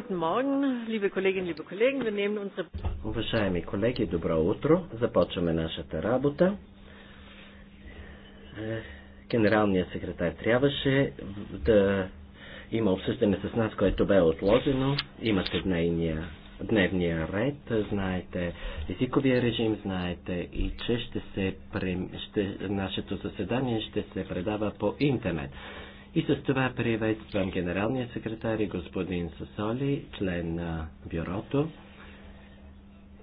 Guten Morgen, liebe Kolleginnen, liebe Kollegen. Wir nehmen unsere Уважаеми колеги, добро утро. Започваме нашата работа. Е, генералният секретар трябваше да има обсъждане с нас, което бе отложено. Имате дневния, дневния ред, знаете езиковия режим, знаете и че ще се, ще, нашето заседание ще се предава по интернет. И с това приветствам генералния секретар и господин Сасоли, член на бюрото.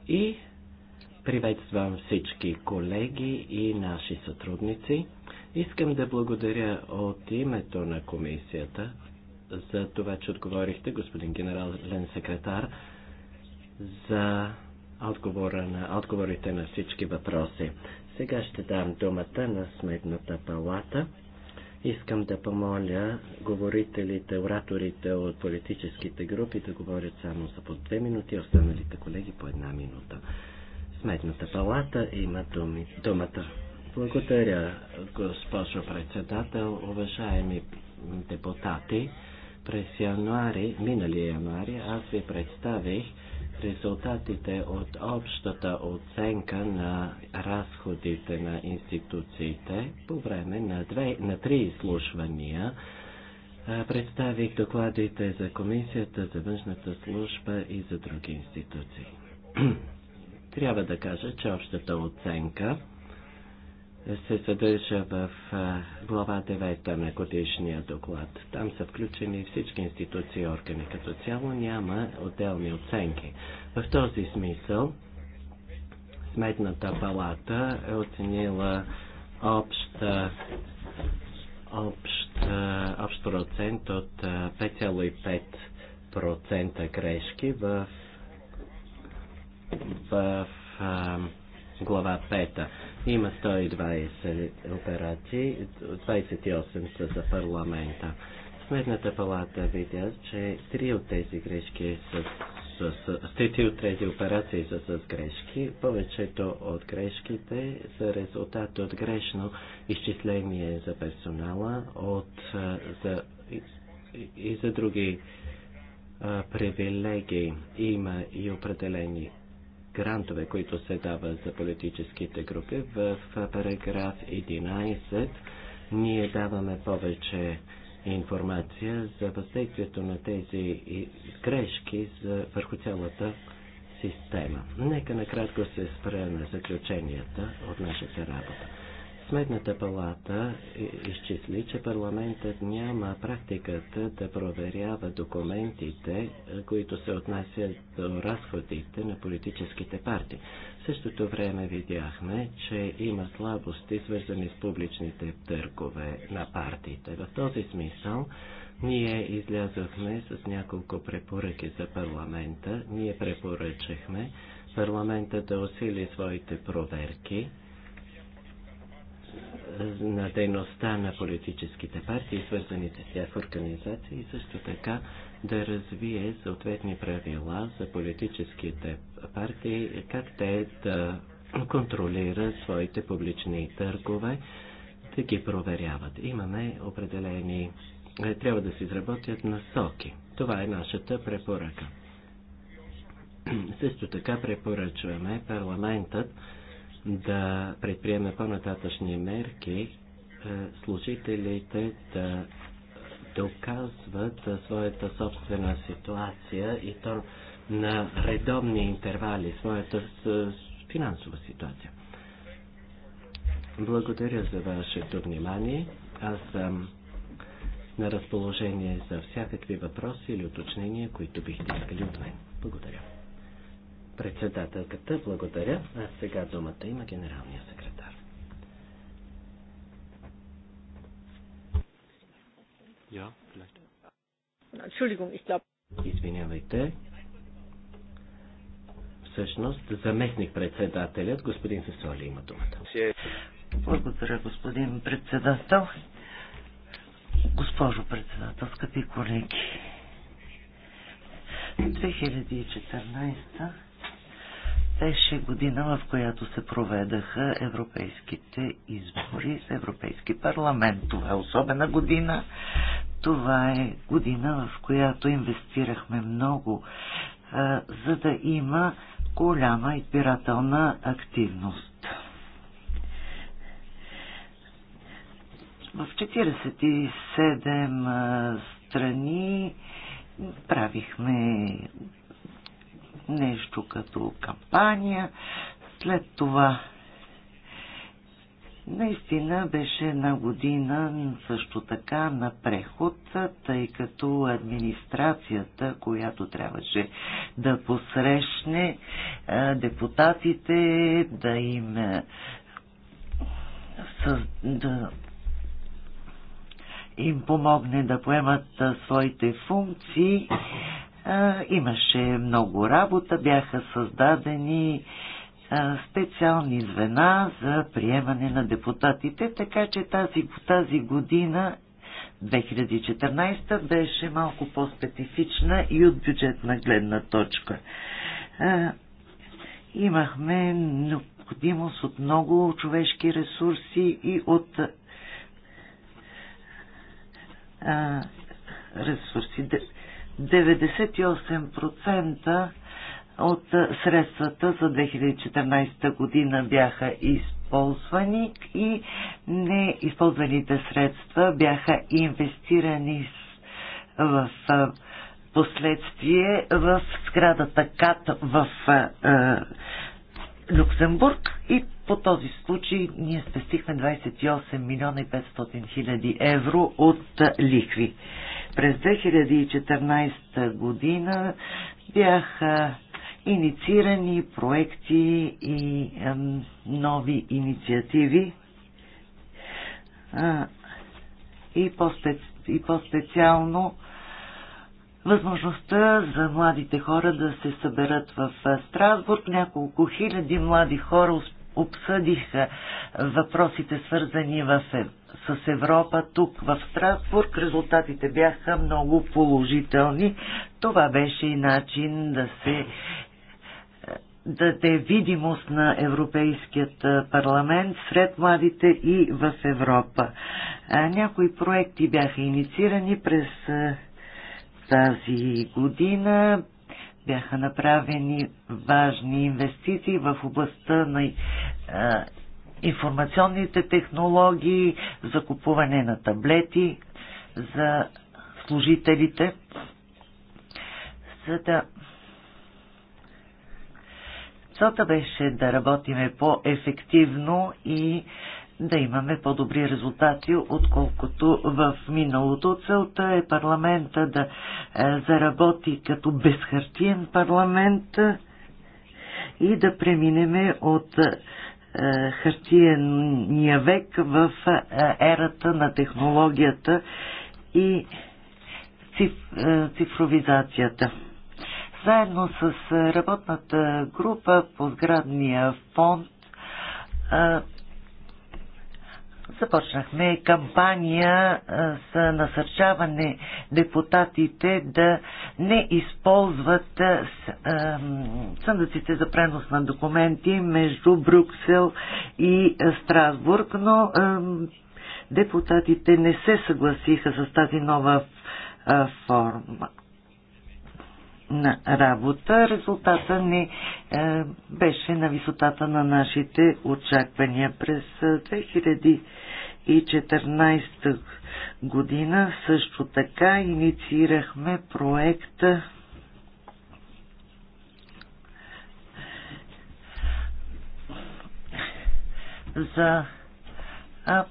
И приветствам всички колеги и наши сътрудници. Искам да благодаря от името на комисията за това, че отговорихте, господин генерален секретар, за отговора на, отговорите на всички въпроси. Сега ще дам думата на Сметната палата. Искам да помоля говорителите, ораторите от политическите групи да говорят само за по две минути, останалите колеги по една минута. Сметната палата има думи, думата. Благодаря, госпожо председател, уважаеми депутати. През януари, миналия януари, аз ви представих резултатите от общата оценка на разходите на институциите по време на, две, на три изслушвания. Представих докладите за Комисията, за външната служба и за други институции. Трябва да кажа, че общата оценка се съдържа в глава 9 на годишния доклад. Там са включени всички институции и органи. Като цяло няма отделни оценки. В този смисъл Сметната палата е оценила обща общ, общ процент от 5,5% грешки в, в, в глава 5. Има 120 операции, 28 са за парламента. Сметната палата видя, че три от тези грешки са с, с, три от тези операции са с грешки. Повечето от грешките са резултат от грешно изчисление за персонала от, за, и, и за други а, привилегии. Има и определени грантове, които се дават за политическите групи. В параграф 11 ние даваме повече информация за въздействието на тези грешки за, върху цялата система. Нека накратко се спре на заключенията от нашата работа. Сметната палата е, изчисли, че парламентът няма практиката да проверява документите, които се отнасят до разходите на политическите партии. В същото време видяхме, че има слабости, свързани с публичните търгове на партиите. В този смисъл ние излязохме с няколко препоръки за парламента. Ние препоръчахме парламента да усили своите проверки на дейността на политическите партии, свързаните с тях организации, и също така да развие съответни правила за политическите партии, как те да контролират своите публични търгове, да ги проверяват. Имаме определени, е, трябва да се изработят насоки. Това е нашата препоръка. Също така препоръчваме парламентът да предприеме по-нататъчни мерки е, служителите да доказват своята собствена ситуация и то на редовни интервали, своята финансова ситуация. Благодаря за вашето внимание. Аз съм на разположение за всякакви въпроси или уточнения, които бихте искали от мен. Благодаря. Председателката, благодаря. А сега думата има генералния секретар. Извинявайте. Всъщност, заместник председателят, господин Сесоли, има думата. Благодаря, господин председател. Госпожо председател, скъпи колеги. 2014 беше година, в която се проведаха европейските избори с Европейски парламент. Това е особена година. Това е година, в която инвестирахме много, а, за да има голяма избирателна активност. В 47 страни правихме нещо като кампания. След това наистина беше една година също така на преход, тъй като администрацията, която трябваше да посрещне е, депутатите, да им е, да им помогне да поемат е, своите функции, Имаше много работа, бяха създадени специални звена за приемане на депутатите, така че тази, тази година 2014 беше малко по-специфична и от бюджетна гледна точка. Имахме необходимост от много човешки ресурси и от ресурси. 98% от средствата за 2014 година бяха използвани и неизползваните средства бяха инвестирани в последствие в сградата КАТ в Люксембург и по този случай ние спестихме 28 милиона и 500 хиляди евро от лихви. През 2014 година бяха инициирани проекти и нови инициативи и по-специално възможността за младите хора да се съберат в Страсбург. Няколко хиляди млади хора обсъдиха въпросите свързани в с Европа тук в Страсбург. Резултатите бяха много положителни. Това беше и начин да се даде видимост на Европейският парламент сред младите и в Европа. Някои проекти бяха инициирани през тази година. Бяха направени важни инвестиции в областта на информационните технологии, за купуване на таблети за служителите, за да Целта беше да работиме по-ефективно и да имаме по-добри резултати, отколкото в миналото. Целта е парламента да е, заработи като безхартиен парламент и да преминеме от е, е, хартияния век в е, ерата на технологията и е, цифровизацията. Заедно с работната група по сградния фонд започнахме кампания за насърчаване депутатите да не използват съндъците за пренос на документи между Брюксел и Страсбург, но депутатите не се съгласиха с тази нова форма на работа. Резултата ни е, беше на висотата на нашите очаквания. През 2000 2014 година също така инициирахме проекта за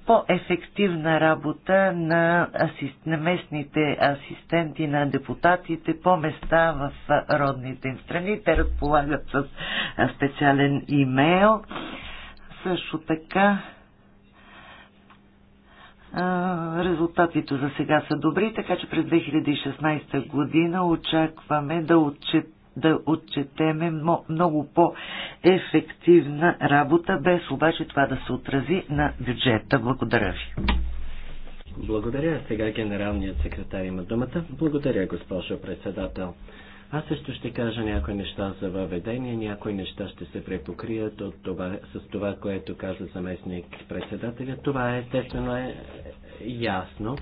по-ефективна работа на, асист, на местните асистенти на депутатите по места в родните им страни. Те разполагат с специален имейл. Също така Резултатите за сега са добри, така че през 2016 година очакваме да, отчет, да отчетеме много по-ефективна работа, без обаче това да се отрази на бюджета. Благодаря ви. Благодаря. Сега генералният секретар има думата. Благодаря, госпожо председател. Аз също ще кажа някои неща за въведение, някои неща ще се препокрият от това, с това, което каза заместник председателя. Това е естествено е ясно,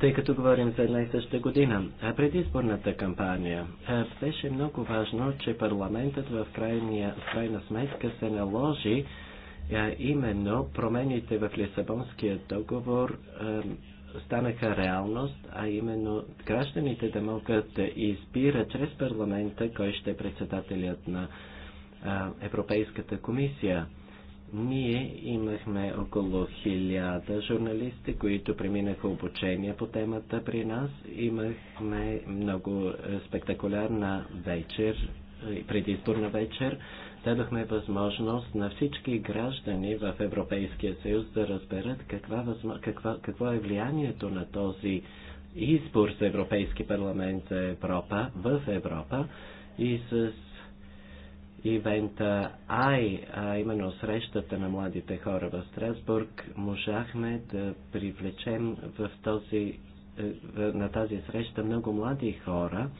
тъй като говорим за една и съща година. А предизборната кампания беше много важно, че парламентът в, крайния, в крайна сметка се наложи а, именно промените в Лисабонския договор а, станаха реалност, а именно гражданите да могат да избират чрез парламента кой ще е председателят на Европейската комисия. Ние имахме около хиляда журналисти, които преминаха обучение по темата при нас. Имахме много спектакулярна вечер, предизборна вечер дадохме възможност на всички граждани в Европейския съюз да разберат каква, каква, какво е влиянието на този избор за Европейски парламент за Европа в Европа и с ивента АЙ, а именно срещата на младите хора в Страсбург, можахме да привлечем в този, е, на тази среща много млади хора,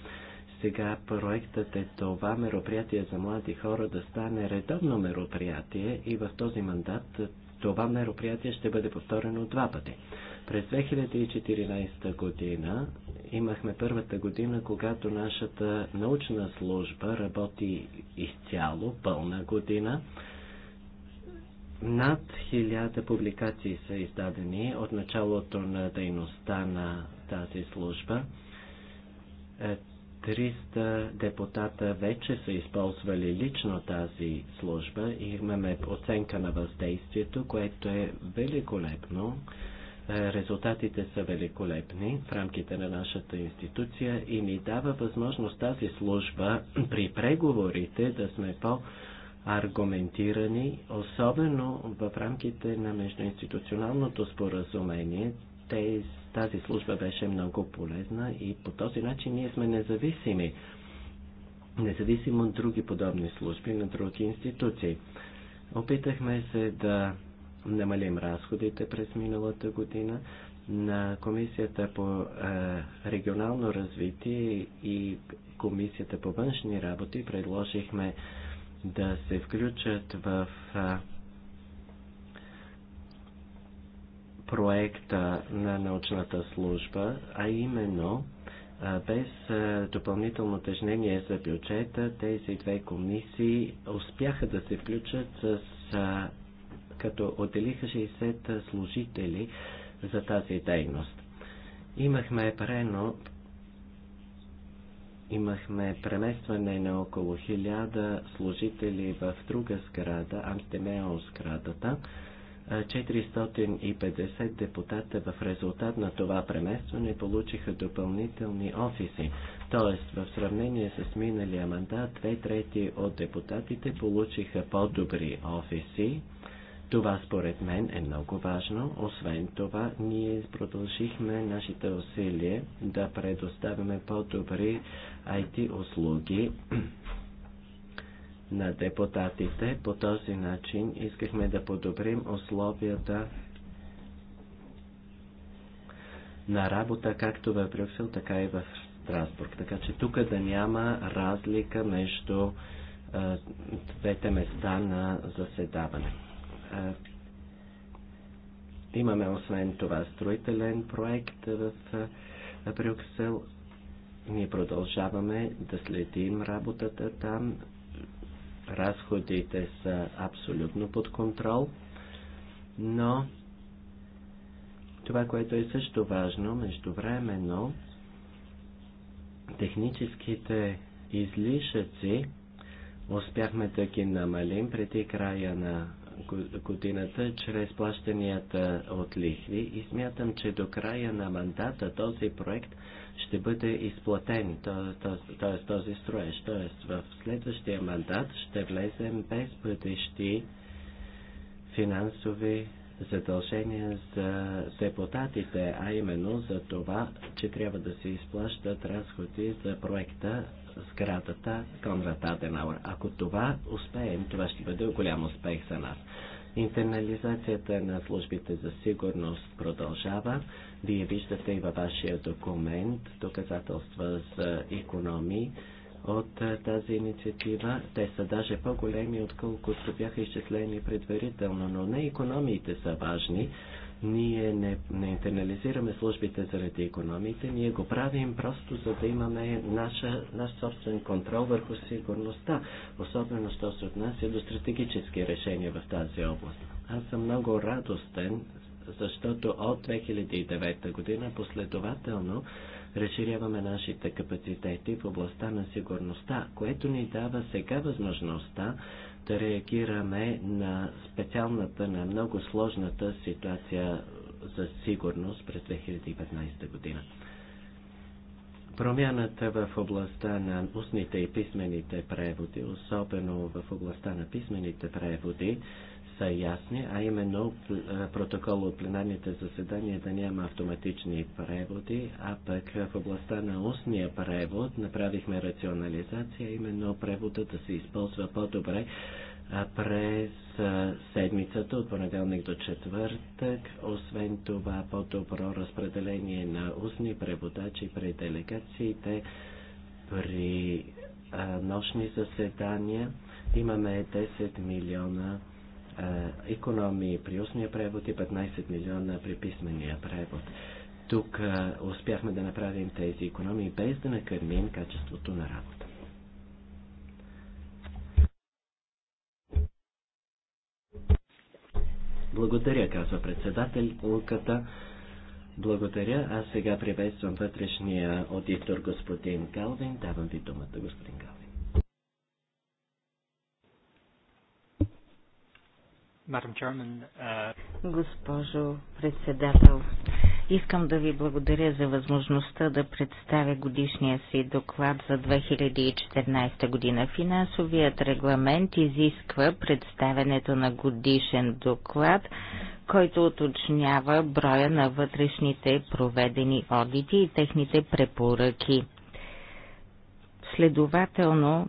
сега проектът е това мероприятие за млади хора да стане редовно мероприятие и в този мандат това мероприятие ще бъде повторено два пъти. През 2014 година имахме първата година, когато нашата научна служба работи изцяло, пълна година. Над хиляда публикации са издадени от началото на дейността на тази служба. Е, 300 депутата вече са използвали лично тази служба и имаме оценка на въздействието, което е великолепно. Е, резултатите са великолепни в рамките на нашата институция и ни дава възможност тази служба при преговорите да сме по- аргументирани, особено в рамките на междуинституционалното споразумение, тази служба беше много полезна и по този начин ние сме независими. Независимо от други подобни служби на други институции. Опитахме се да намалим разходите през миналата година. На Комисията по е, регионално развитие и Комисията по външни работи предложихме да се включат в е, проекта на научната служба, а именно без допълнително тежнение за бюджета, тези две комисии успяха да се включат с, като отделиха 60 служители за тази дейност. Имахме прено имахме преместване на около 1000 служители в друга сграда, Амстемео сградата, 450 депутата в резултат на това преместване получиха допълнителни офиси. Тоест, в сравнение с миналия мандат, две трети от депутатите получиха по-добри офиси. Това според мен е много важно. Освен това, ние продължихме нашите усилия да предоставяме по-добри IT услуги на депутатите. По този начин искахме да подобрим условията на работа както в Брюксел, така и в Страсбург. Така че тук да няма разлика между е, двете места на заседаване. Е, имаме освен това строителен проект в Брюксел. Ние продължаваме да следим работата там. Разходите са абсолютно под контрол, но това, което е също важно, междувременно техническите излишъци успяхме да ги намалим преди края на годината чрез плащанията от лихви и смятам, че до края на мандата този проект ще бъде изплатен т.е. този строеж. Т.е. в следващия мандат ще влезем без бъдещи финансови задължения за депутатите, а именно за това, че трябва да се изплащат разходи за проекта сградата Конрад Аденауер. Ако това успеем, това ще бъде голям успех за нас. Интернализацията на службите за сигурност продължава. Вие виждате и във вашия документ доказателства за економии от тази инициатива. Те са даже по-големи, отколкото бяха изчислени предварително, но не економиите са важни. Ние не, не интернализираме службите заради економиите, ние го правим просто за да имаме наша, наш собствен контрол върху сигурността, особено що се отнася до стратегически решения в тази област. Аз съм много радостен защото от 2009 година последователно разширяваме нашите капацитети в областта на сигурността, което ни дава сега възможността да реагираме на специалната, на много сложната ситуация за сигурност през 2015 година. Промяната в областта на устните и писмените преводи, особено в областта на писмените преводи, са ясни, а именно протокол от пленарните заседания да няма автоматични преводи, а пък в областта на устния превод направихме рационализация, именно превода да се използва по-добре през седмицата от понеделник до четвъртък. Освен това, по-добро разпределение на устни преводачи при делегациите, при нощни заседания. Имаме 10 милиона е, економии при устния превод и 15 милиона при писмения превод. Тук е, успяхме да направим тези економии без да накърмим качеството на работа. Благодаря, казва председател Луката. Благодаря. Аз сега приветствам вътрешния аудитор господин Калвин. Давам ви думата, господин Калвин. Uh, Госпожо председател, искам да ви благодаря за възможността да представя годишния си доклад за 2014 година. Финансовият регламент изисква представенето на годишен доклад, който уточнява броя на вътрешните проведени одити и техните препоръки. Следователно,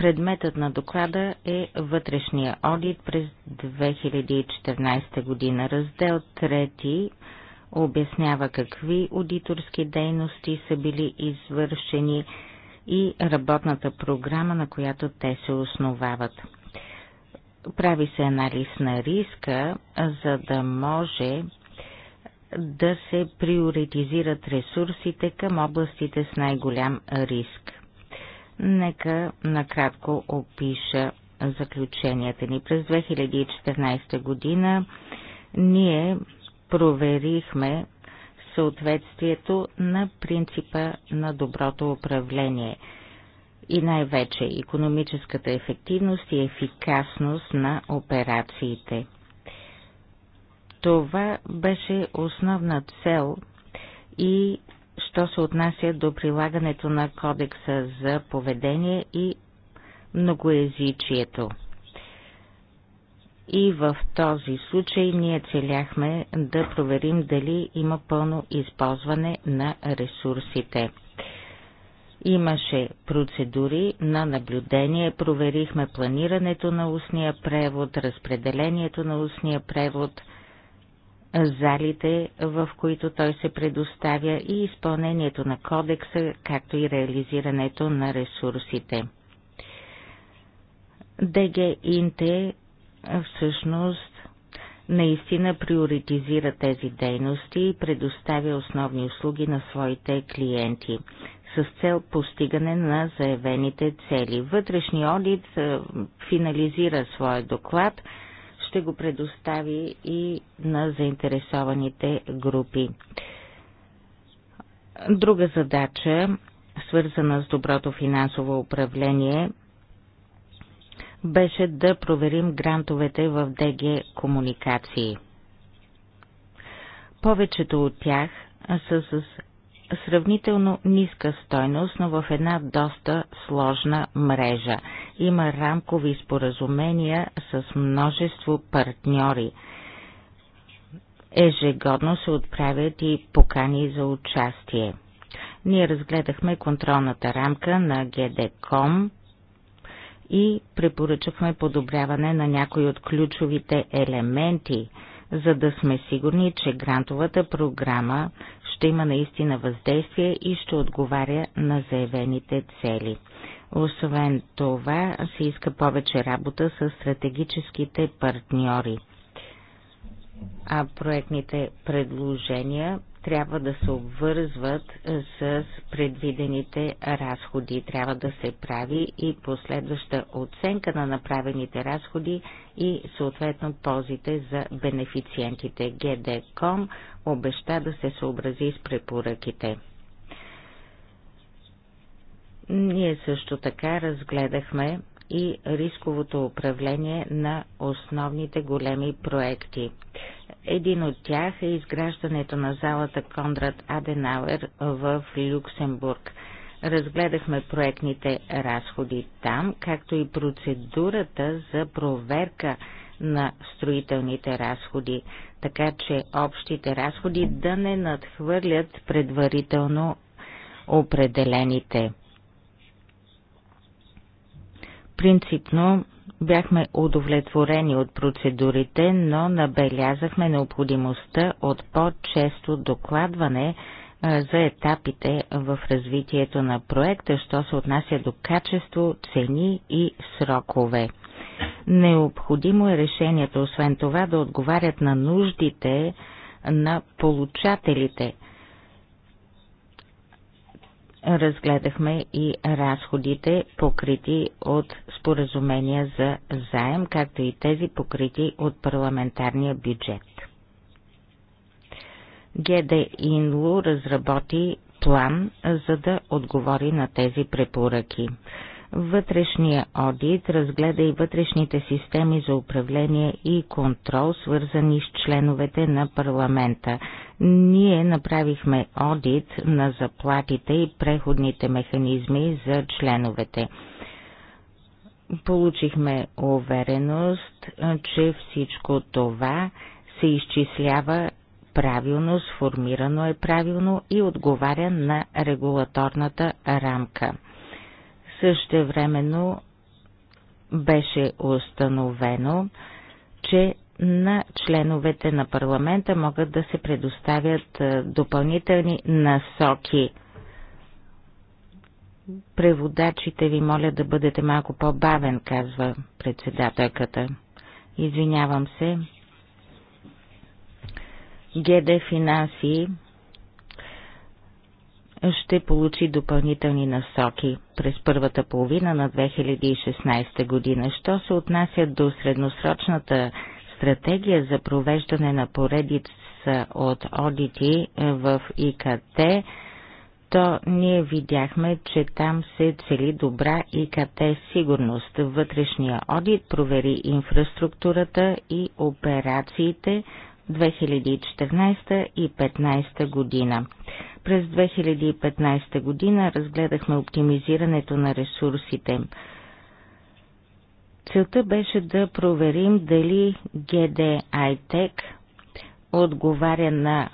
Предметът на доклада е вътрешния одит през 2014 година. Раздел 3 обяснява какви аудиторски дейности са били извършени и работната програма, на която те се основават. Прави се анализ на риска, за да може да се приоритизират ресурсите към областите с най-голям риск. Нека накратко опиша заключенията ни. През 2014 година ние проверихме съответствието на принципа на доброто управление и най-вече економическата ефективност и ефикасност на операциите. Това беше основна цел и що се отнася до прилагането на кодекса за поведение и многоязичието. И в този случай ние целяхме да проверим дали има пълно използване на ресурсите. Имаше процедури на наблюдение, проверихме планирането на устния превод, разпределението на устния превод – залите, в които той се предоставя и изпълнението на кодекса, както и реализирането на ресурсите. ДГ Инте всъщност наистина приоритизира тези дейности и предоставя основни услуги на своите клиенти с цел постигане на заявените цели. Вътрешния одит е, финализира своя доклад – ще го предостави и на заинтересованите групи. Друга задача, свързана с доброто финансово управление, беше да проверим грантовете в ДГ Комуникации. Повечето от тях са с сравнително ниска стойност, но в една доста сложна мрежа. Има рамкови споразумения с множество партньори. Ежегодно се отправят и покани за участие. Ние разгледахме контролната рамка на GDCOM и препоръчахме подобряване на някои от ключовите елементи, за да сме сигурни, че грантовата програма ще има наистина въздействие и ще отговаря на заявените цели. Освен това, се иска повече работа с стратегическите партньори. А проектните предложения трябва да се обвързват е, с предвидените разходи. Трябва да се прави и последваща оценка на направените разходи и съответно ползите за бенефициентите. ГДКОМ обеща да се съобрази с препоръките. Ние също така разгледахме и рисковото управление на основните големи проекти. Един от тях е изграждането на залата Конрад Аденауер в Люксембург. Разгледахме проектните разходи там, както и процедурата за проверка на строителните разходи, така че общите разходи да не надхвърлят предварително определените. Принципно бяхме удовлетворени от процедурите, но набелязахме необходимостта от по-често докладване за етапите в развитието на проекта, що се отнася до качество, цени и срокове. Необходимо е решението, освен това, да отговарят на нуждите на получателите – разгледахме и разходите покрити от споразумения за заем, както и тези покрити от парламентарния бюджет. ГД Инло разработи план, за да отговори на тези препоръки. Вътрешния одит разгледа и вътрешните системи за управление и контрол, свързани с членовете на парламента. Ние направихме одит на заплатите и преходните механизми за членовете. Получихме увереност, че всичко това се изчислява правилно, сформирано е правилно и отговаря на регулаторната рамка. Същевременно беше установено, че на членовете на парламента могат да се предоставят е, допълнителни насоки. Преводачите ви моля да бъдете малко по-бавен, казва председателката. Извинявам се. ГД Финанси ще получи допълнителни насоки през първата половина на 2016 година. Що се отнася до средносрочната стратегия за провеждане на поредица от одити е, в ИКТ, то ние видяхме, че там се цели добра ИКТ сигурност. Вътрешния одит провери инфраструктурата и операциите 2014 и 2015 година. През 2015 година разгледахме оптимизирането на ресурсите. Целта беше да проверим дали ГД отговаря на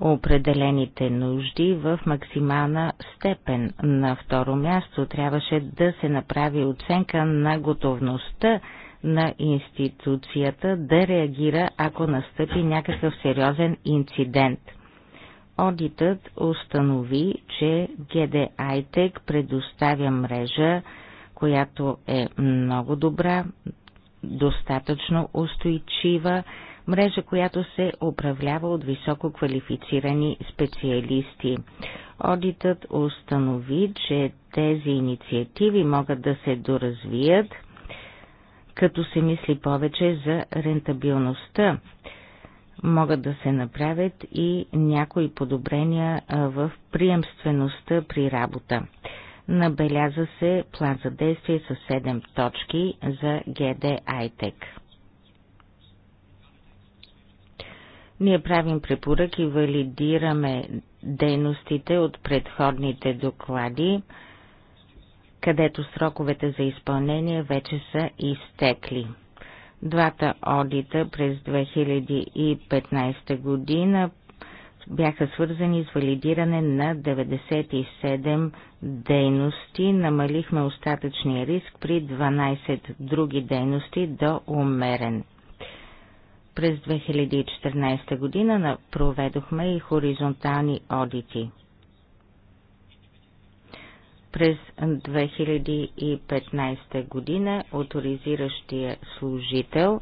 определените нужди в максимална степен. На второ място трябваше да се направи оценка на готовността на институцията да реагира, ако настъпи някакъв сериозен инцидент. Одитът установи, че ГД предоставя мрежа която е много добра, достатъчно устойчива, мрежа, която се управлява от високо квалифицирани специалисти. Одитът установи, че тези инициативи могат да се доразвият, като се мисли повече за рентабилността. Могат да се направят и някои подобрения в приемствеността при работа. Набеляза се план за действие с 7 точки за ГД Айтек. Ние правим препоръки, валидираме дейностите от предходните доклади, където сроковете за изпълнение вече са изтекли. Двата одита през 2015 година бяха свързани с валидиране на 97 дейности. Намалихме остатъчния риск при 12 други дейности до умерен. През 2014 година проведохме и хоризонтални одити. През 2015 година авторизиращия служител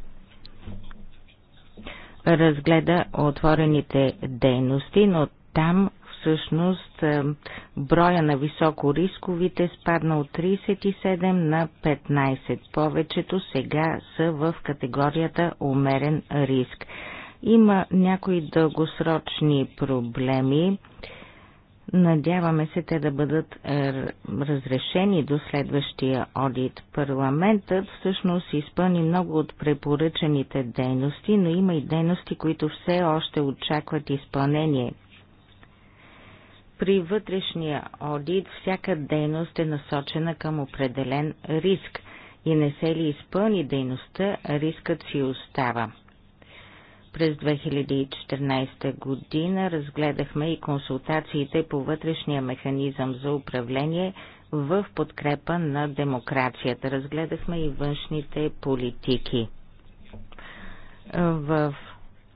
разгледа отворените дейности, но там всъщност е, броя на високорисковите спадна от 37 на 15. Повечето сега са в категорията умерен риск. Има някои дългосрочни проблеми Надяваме се те да бъдат е, разрешени до следващия одит. Парламентът всъщност изпълни много от препоръчаните дейности, но има и дейности, които все още очакват изпълнение. При вътрешния одит всяка дейност е насочена към определен риск и не се ли изпълни дейността, рискът си остава. През 2014 година разгледахме и консултациите по вътрешния механизъм за управление в подкрепа на демокрацията. Разгледахме и външните политики. В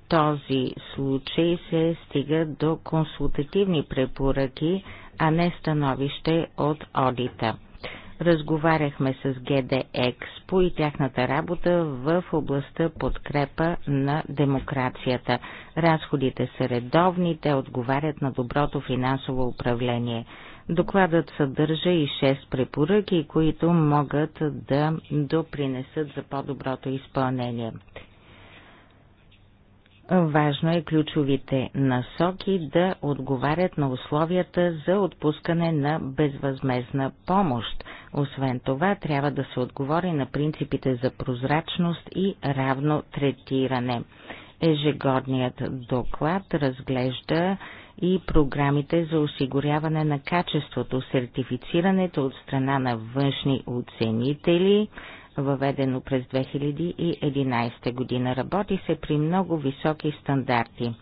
този случай се стига до консултативни препоръки, а не становище от одита. Разговаряхме с ГД Експо и тяхната работа в областта подкрепа на демокрацията. Разходите са редовни, те отговарят на доброто финансово управление. Докладът съдържа и 6 препоръки, които могат да допринесат за по-доброто изпълнение. Важно е ключовите насоки да отговарят на условията за отпускане на безвъзмезна помощ. Освен това, трябва да се отговори на принципите за прозрачност и равно третиране. Ежегодният доклад разглежда и програмите за осигуряване на качеството, сертифицирането от страна на външни оценители, въведено през 2011 година. Работи се при много високи стандарти.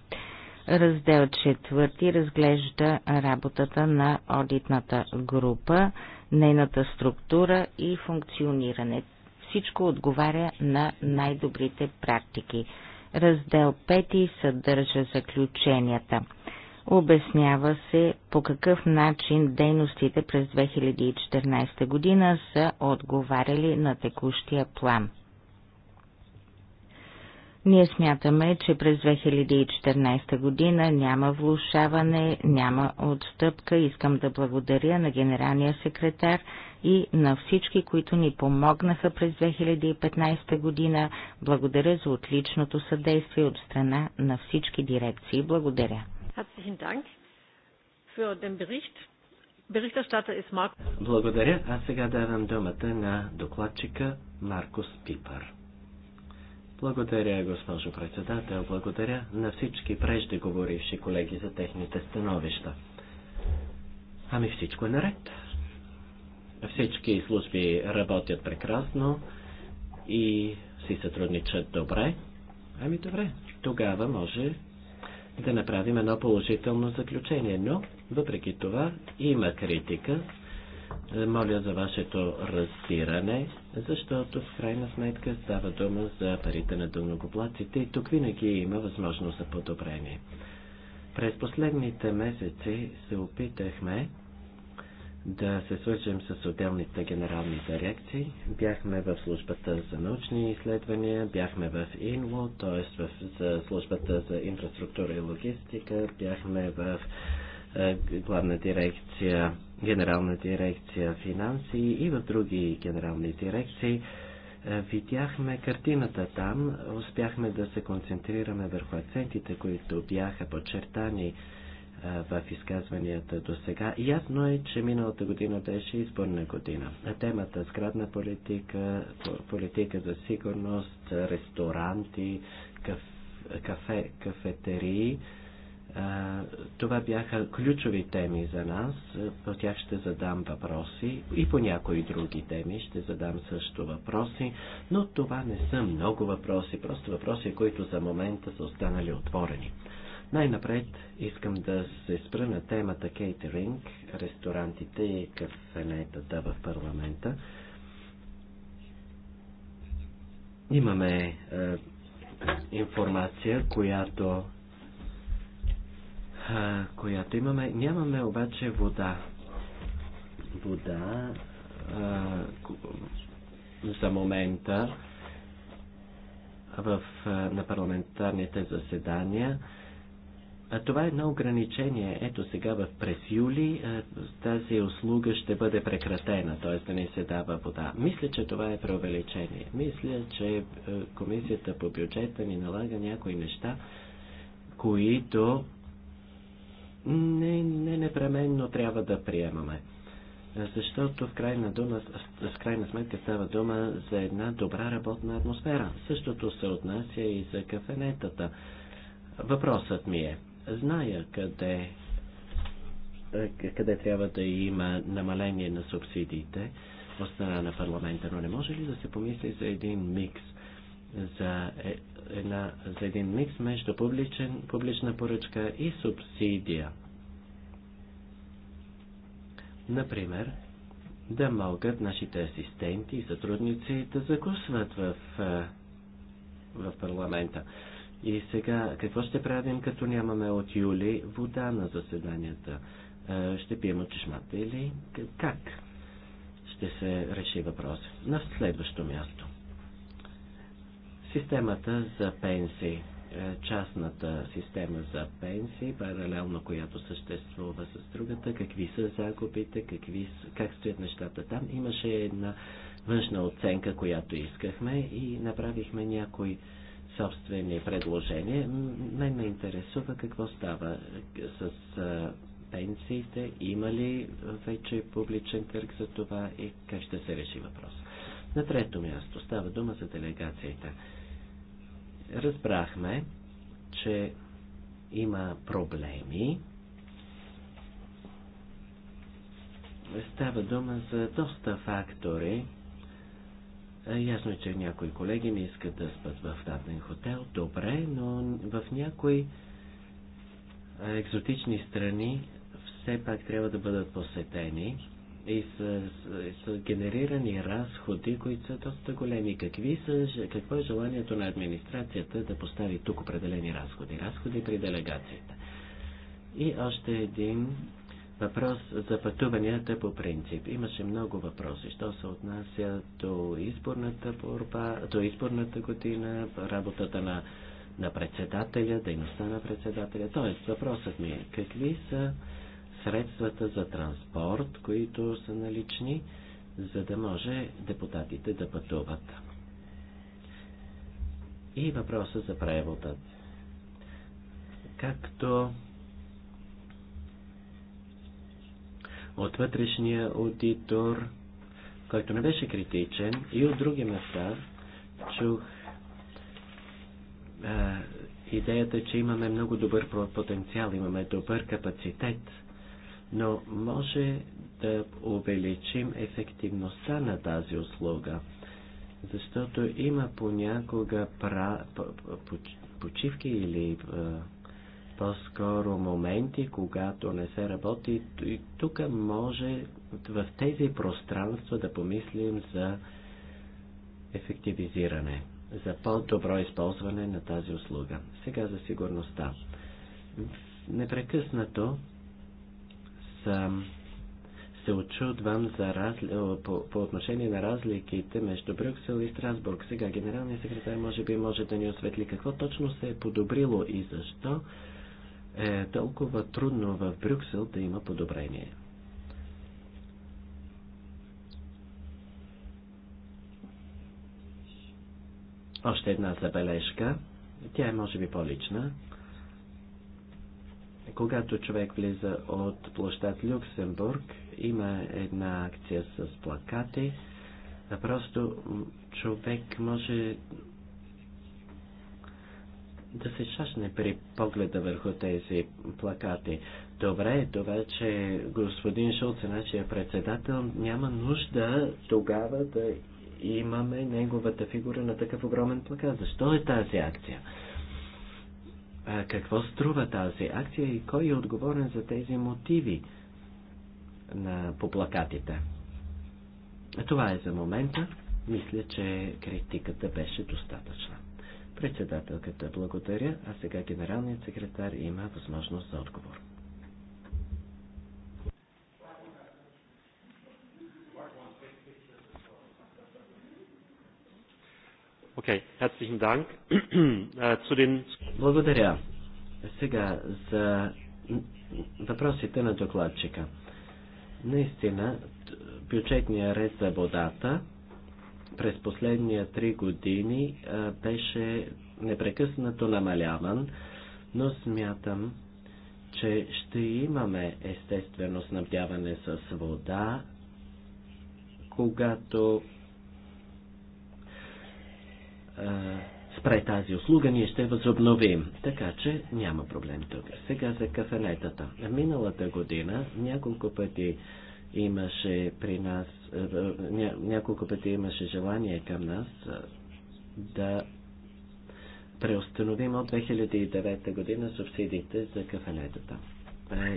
Раздел 4 разглежда работата на одитната група, нейната структура и функциониране. Всичко отговаря на най-добрите практики. Раздел 5 съдържа заключенията – Обяснява се по какъв начин дейностите през 2014 година са отговаряли на текущия план. Ние смятаме, че през 2014 година няма влушаване, няма отстъпка. Искам да благодаря на генералния секретар и на всички, които ни помогнаха през 2015 година. Благодаря за отличното съдействие от страна на всички дирекции. Благодаря. Herzlichen Dank für den Bericht. Berichterstatter ist Markus. Благодаря. А сега давам думата на докладчика Маркус Пипер. Благодаря, госпожо председател. Благодаря на всички преждеговоривши колеги за техните становища. Ами всичко е наред. Всички служби работят прекрасно и си сътрудничат добре. Ами добре, тогава може да направим едно положително заключение. Но, въпреки това, има критика. Е, моля за вашето разбиране, защото в крайна сметка става дума за парите на дълногоплаците и тук винаги има възможност за подобрение. През последните месеци се опитахме да се свържем с отделните генерални дирекции. Бяхме в службата за научни изследвания, бяхме в ИНЛО, т.е. в службата за инфраструктура и логистика, бяхме в е, главна дирекция, генерална дирекция финанси и в други генерални дирекции. Е, видяхме картината там, успяхме да се концентрираме върху акцентите, които бяха подчертани в изказванията до сега. Ясно е, че миналата година беше изборна година. Темата сградна политика, политика за сигурност, ресторанти, кафе, кафетерии, това бяха ключови теми за нас. По тях ще задам въпроси и по някои други теми ще задам също въпроси, но това не са много въпроси, просто въпроси, които за момента са останали отворени. Най-напред искам да се спра на темата кейтеринг, ресторантите и кафенетата в парламента. Имаме е, информация, която, е, която имаме. Нямаме обаче вода. Вода е, за момента в, е, на парламентарните заседания. Това е едно ограничение. Ето сега в през юли тази услуга ще бъде прекратена, т.е. да не се дава вода. Мисля, че това е преувеличение. Мисля, че комисията по бюджета ни налага някои неща, които не, не непременно трябва да приемаме. Защото в крайна, дума, в крайна сметка става дума за една добра работна атмосфера. Същото се отнася и за кафенетата. Въпросът ми е, Зная къде, къде трябва да има намаление на субсидиите от страна на парламента, но не може ли да се помисли за един микс, за, е, една, за един микс между публичен, публична поръчка и субсидия? Например, да могат нашите асистенти и сътрудници да закусват в, в парламента. И сега, какво ще правим, като нямаме от юли вода на заседанията? Е, ще пием от чешмата или как ще се реши въпрос? На следващо място. Системата за пенсии. Е, частната система за пенсии, паралелно която съществува с другата, какви са загубите, какви, как стоят нещата там. Имаше една външна оценка, която искахме и направихме някои собствени предложения. Мен ме интересува какво става с пенсиите, има ли вече публичен търг за това и как ще се реши въпрос. На трето място става дума за делегацията. Разбрахме, че има проблеми. Става дума за доста фактори, е, ясно е, че някои колеги не искат да спят в даден хотел. Добре, но в някои е, екзотични страни все пак трябва да бъдат посетени и са, са генерирани разходи, които са доста големи. Какви са, какво е желанието на администрацията да постави тук определени разходи? Разходи при делегацията. И още един Въпрос за пътуванията по принцип. Имаше много въпроси, що се отнася до изборната борба, до изборната година, работата на, на председателя, дейността на председателя. Тоест, въпросът ми е, какви са средствата за транспорт, които са налични, за да може депутатите да пътуват. И въпроса за превода. Както от вътрешния аудитор, който не беше критичен, и от други места чух а, идеята, че имаме много добър потенциал, имаме добър капацитет, но може да увеличим ефективността на тази услуга, защото има понякога пра, почивки или а, по-скоро моменти, когато не се работи. И тук може в тези пространства да помислим за ефективизиране, за по-добро използване на тази услуга. Сега за сигурността. Непрекъснато съм се очудвам за разли... по, по отношение на разликите между Брюксел и Страсбург. Сега генералният секретар може би може да ни осветли какво точно се е подобрило и защо е толкова трудно в Брюксел да има подобрение. Още една забележка. Тя е може би по-лична. Когато човек влиза от площад Люксембург, има една акция с плакати. Просто човек може да се шашне при погледа върху тези плакати. Добре е това, че господин е нашия председател, няма нужда тогава да имаме неговата фигура на такъв огромен плакат. Защо е тази акция? А какво струва тази акция и кой е отговорен за тези мотиви на, по плакатите? Това е за момента. Мисля, че критиката беше достатъчна. Председателката благодаря, а сега генералният секретар има възможност за отговор. Okay, Dank. Äh, zu den... Благодаря. Сега за въпросите на докладчика. Наистина, бюджетния ред за водата през последния три години беше непрекъснато намаляван, но смятам, че ще имаме естествено снабдяване с вода, когато спре тази услуга, ние ще възобновим. Така че няма проблем тук. Сега за кафенетата. Миналата година няколко пъти имаше при нас няколко пъти имаше желание към нас да преустановим от 2009 година субсидиите за кафенетата.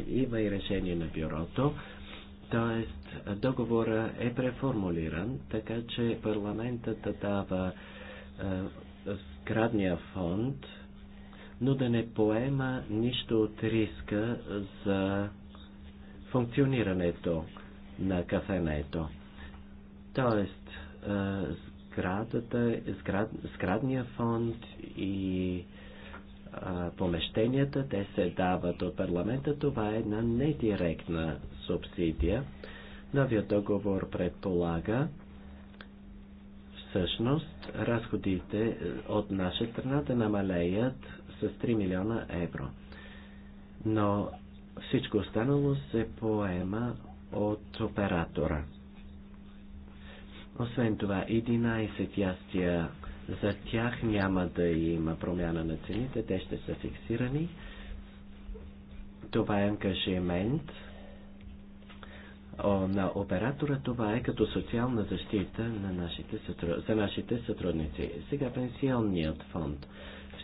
Има и решение на бюрото, т.е. договора е преформулиран, така че парламентът дава сградния фонд, но да не поема нищо от риска за функционирането на кафенето. Тоест, сградата, сград, сградния фонд и помещенията, те се дават от парламента. Това е една недиректна субсидия. Новият договор предполага всъщност разходите от наша страна да намалеят с 3 милиона евро. Но всичко останало се поема от оператора. Освен това, 11 ястия за тях няма да има промяна на цените, те ще са фиксирани. Това е ангажимент на оператора, това е като социална защита на нашите, за нашите сътрудници. Сега пенсионният фонд.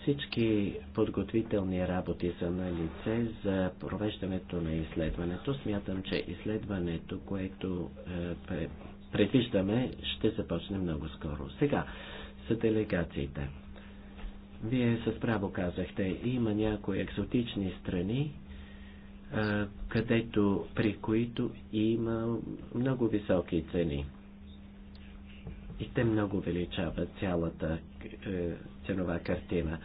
Всички подготвителни работи са на лице за провеждането на изследването. Смятам, че изследването, което е, предвиждаме, ще започне много скоро. Сега, са делегациите. Вие с право казахте, има някои екзотични страни, където, при които има много високи цени. И те много увеличават цялата е, ценова картина.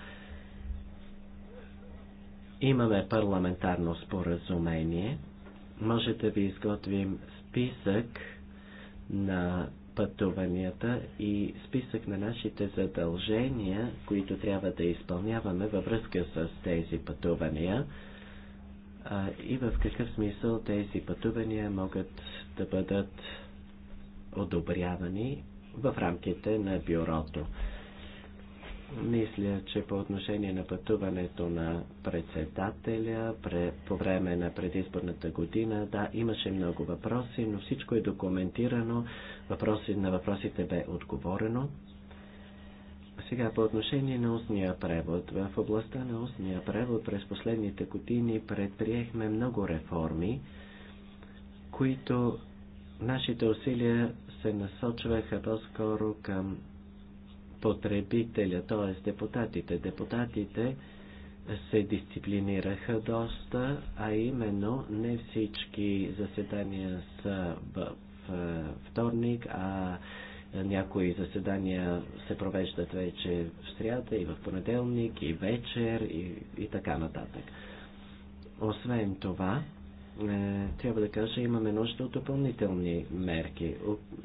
Имаме парламентарно споразумение. Може да ви изготвим списък на пътуванията и списък на нашите задължения, които трябва да изпълняваме във връзка с тези пътувания а, и в какъв смисъл тези пътувания могат да бъдат одобрявани в рамките на бюрото. Мисля, че по отношение на пътуването на председателя пре, по време на предизборната година, да, имаше много въпроси, но всичко е документирано. Въпроси, на въпросите бе отговорено. Сега по отношение на устния превод. В областта на устния превод през последните години предприехме много реформи, които нашите усилия се насочваха по-скоро към потребителя, т.е. депутатите. Депутатите се дисциплинираха доста, а именно не всички заседания са в вторник, а някои заседания се провеждат вече в сряда и в понеделник, и вечер, и, и така нататък. Освен това, е, трябва да кажа, имаме нужда от допълнителни мерки.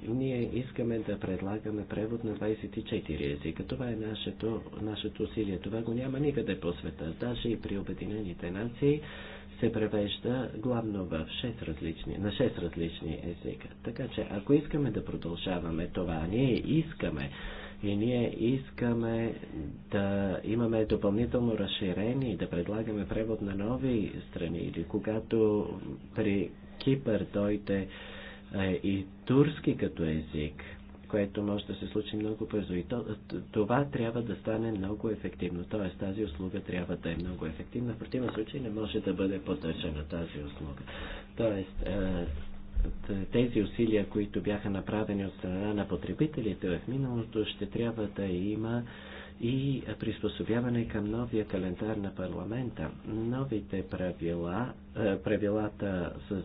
Ние искаме да предлагаме превод на 24 езика. Това е нашето, нашето усилие. Това го няма никъде по света. Даже и при Обединените нации се превежда главно в 6 различни, на 6 различни езика. Така че, ако искаме да продължаваме това, ние искаме и ние искаме да имаме допълнително разширение и да предлагаме превод на нови страни. Или когато при Кипър дойде е, и турски като език, което може да се случи много бързо. И то, това трябва да стане много ефективно. Тоест, тази услуга трябва да е много ефективна. В противен случай не може да бъде поддържана тази услуга. Тоест, е, тези усилия, които бяха направени от страна на потребителите в миналото, ще трябва да има и приспособяване към новия календар на парламента. Новите правила, е, правилата, с,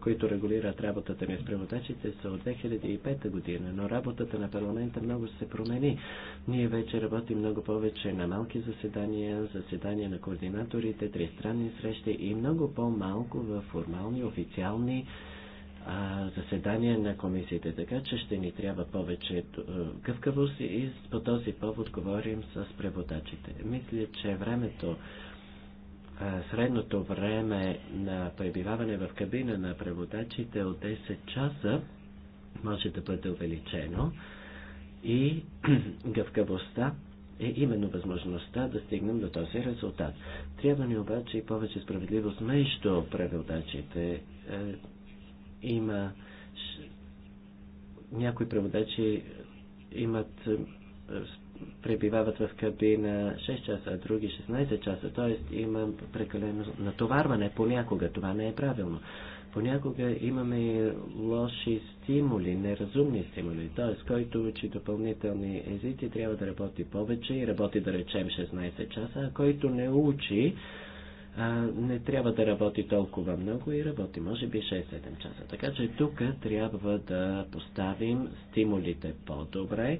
които регулират работата с преводачите, са от 2005 година, но работата на парламента много се промени. Ние вече работим много повече на малки заседания, заседания на координаторите, тристранни срещи и много по-малко в формални, официални заседание на комисиите, така че ще ни трябва повече е, гъвкавост и по този повод говорим с преводачите. Мисля, че времето, е, средното време на пребиваване в кабина на преводачите от 10 часа може да бъде увеличено и гъвкавостта е именно възможността да стигнем до този резултат. Трябва ни обаче и повече справедливост между преводачите е, има някои преводачи имат е, пребивават в кабина 6 часа, а други 16 часа. Т.е. имам прекалено натоварване понякога. Това не е правилно. Понякога имаме лоши стимули, неразумни стимули. Т.е. който учи допълнителни езици трябва да работи повече и работи да речем 16 часа, а който не учи, не трябва да работи толкова много и работи може би 6-7 часа. Така че тук трябва да поставим стимулите по-добре,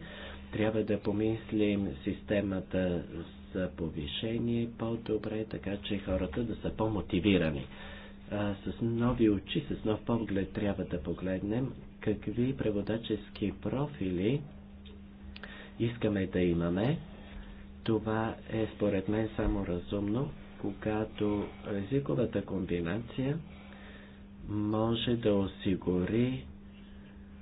трябва да помислим системата за повишение по-добре, така че хората да са по-мотивирани. С нови очи, с нов поглед трябва да погледнем какви преводачески профили искаме да имаме това е според мен само разумно, когато езиковата комбинация може да осигури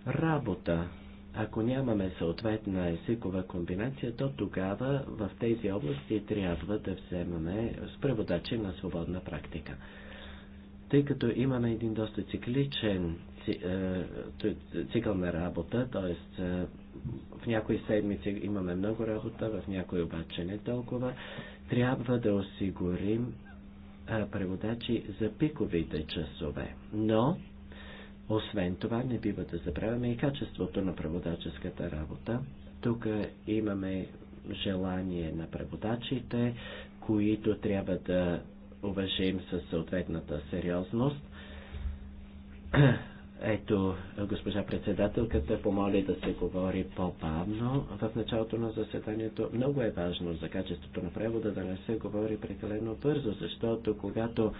работа. Ако нямаме съответна езикова комбинация, то тогава в тези области трябва да вземаме с преводачи на свободна практика. Тъй като имаме един доста цикличен е, цикъл на работа, т.е в някои седмици имаме много работа, в някои обаче не толкова. Трябва да осигурим преводачи за пиковите часове. Но, освен това, не бива да забравяме и качеството на преводаческата работа. Тук имаме желание на преводачите, които трябва да уважим със съответната сериозност. Ето, госпожа председателката помоли да се говори по-бавно в началото на заседанието. Много е важно за качеството на превода да не се говори прекалено бързо, защото когато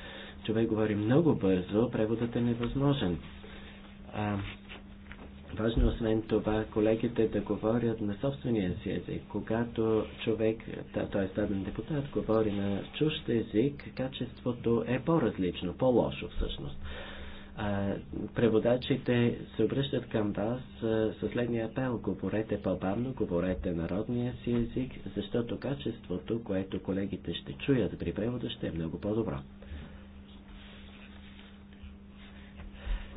човек говори много бързо, преводът е невъзможен. А, важно е освен това колегите да говорят на собствения си език. Когато човек, т.е. даден депутат, говори на чужд език, качеството е по-различно, по-лошо всъщност преводачите се обръщат към вас с следния апел. Говорете по-бавно, говорете народния си език, защото качеството, което колегите ще чуят при превода, ще е много по-добро.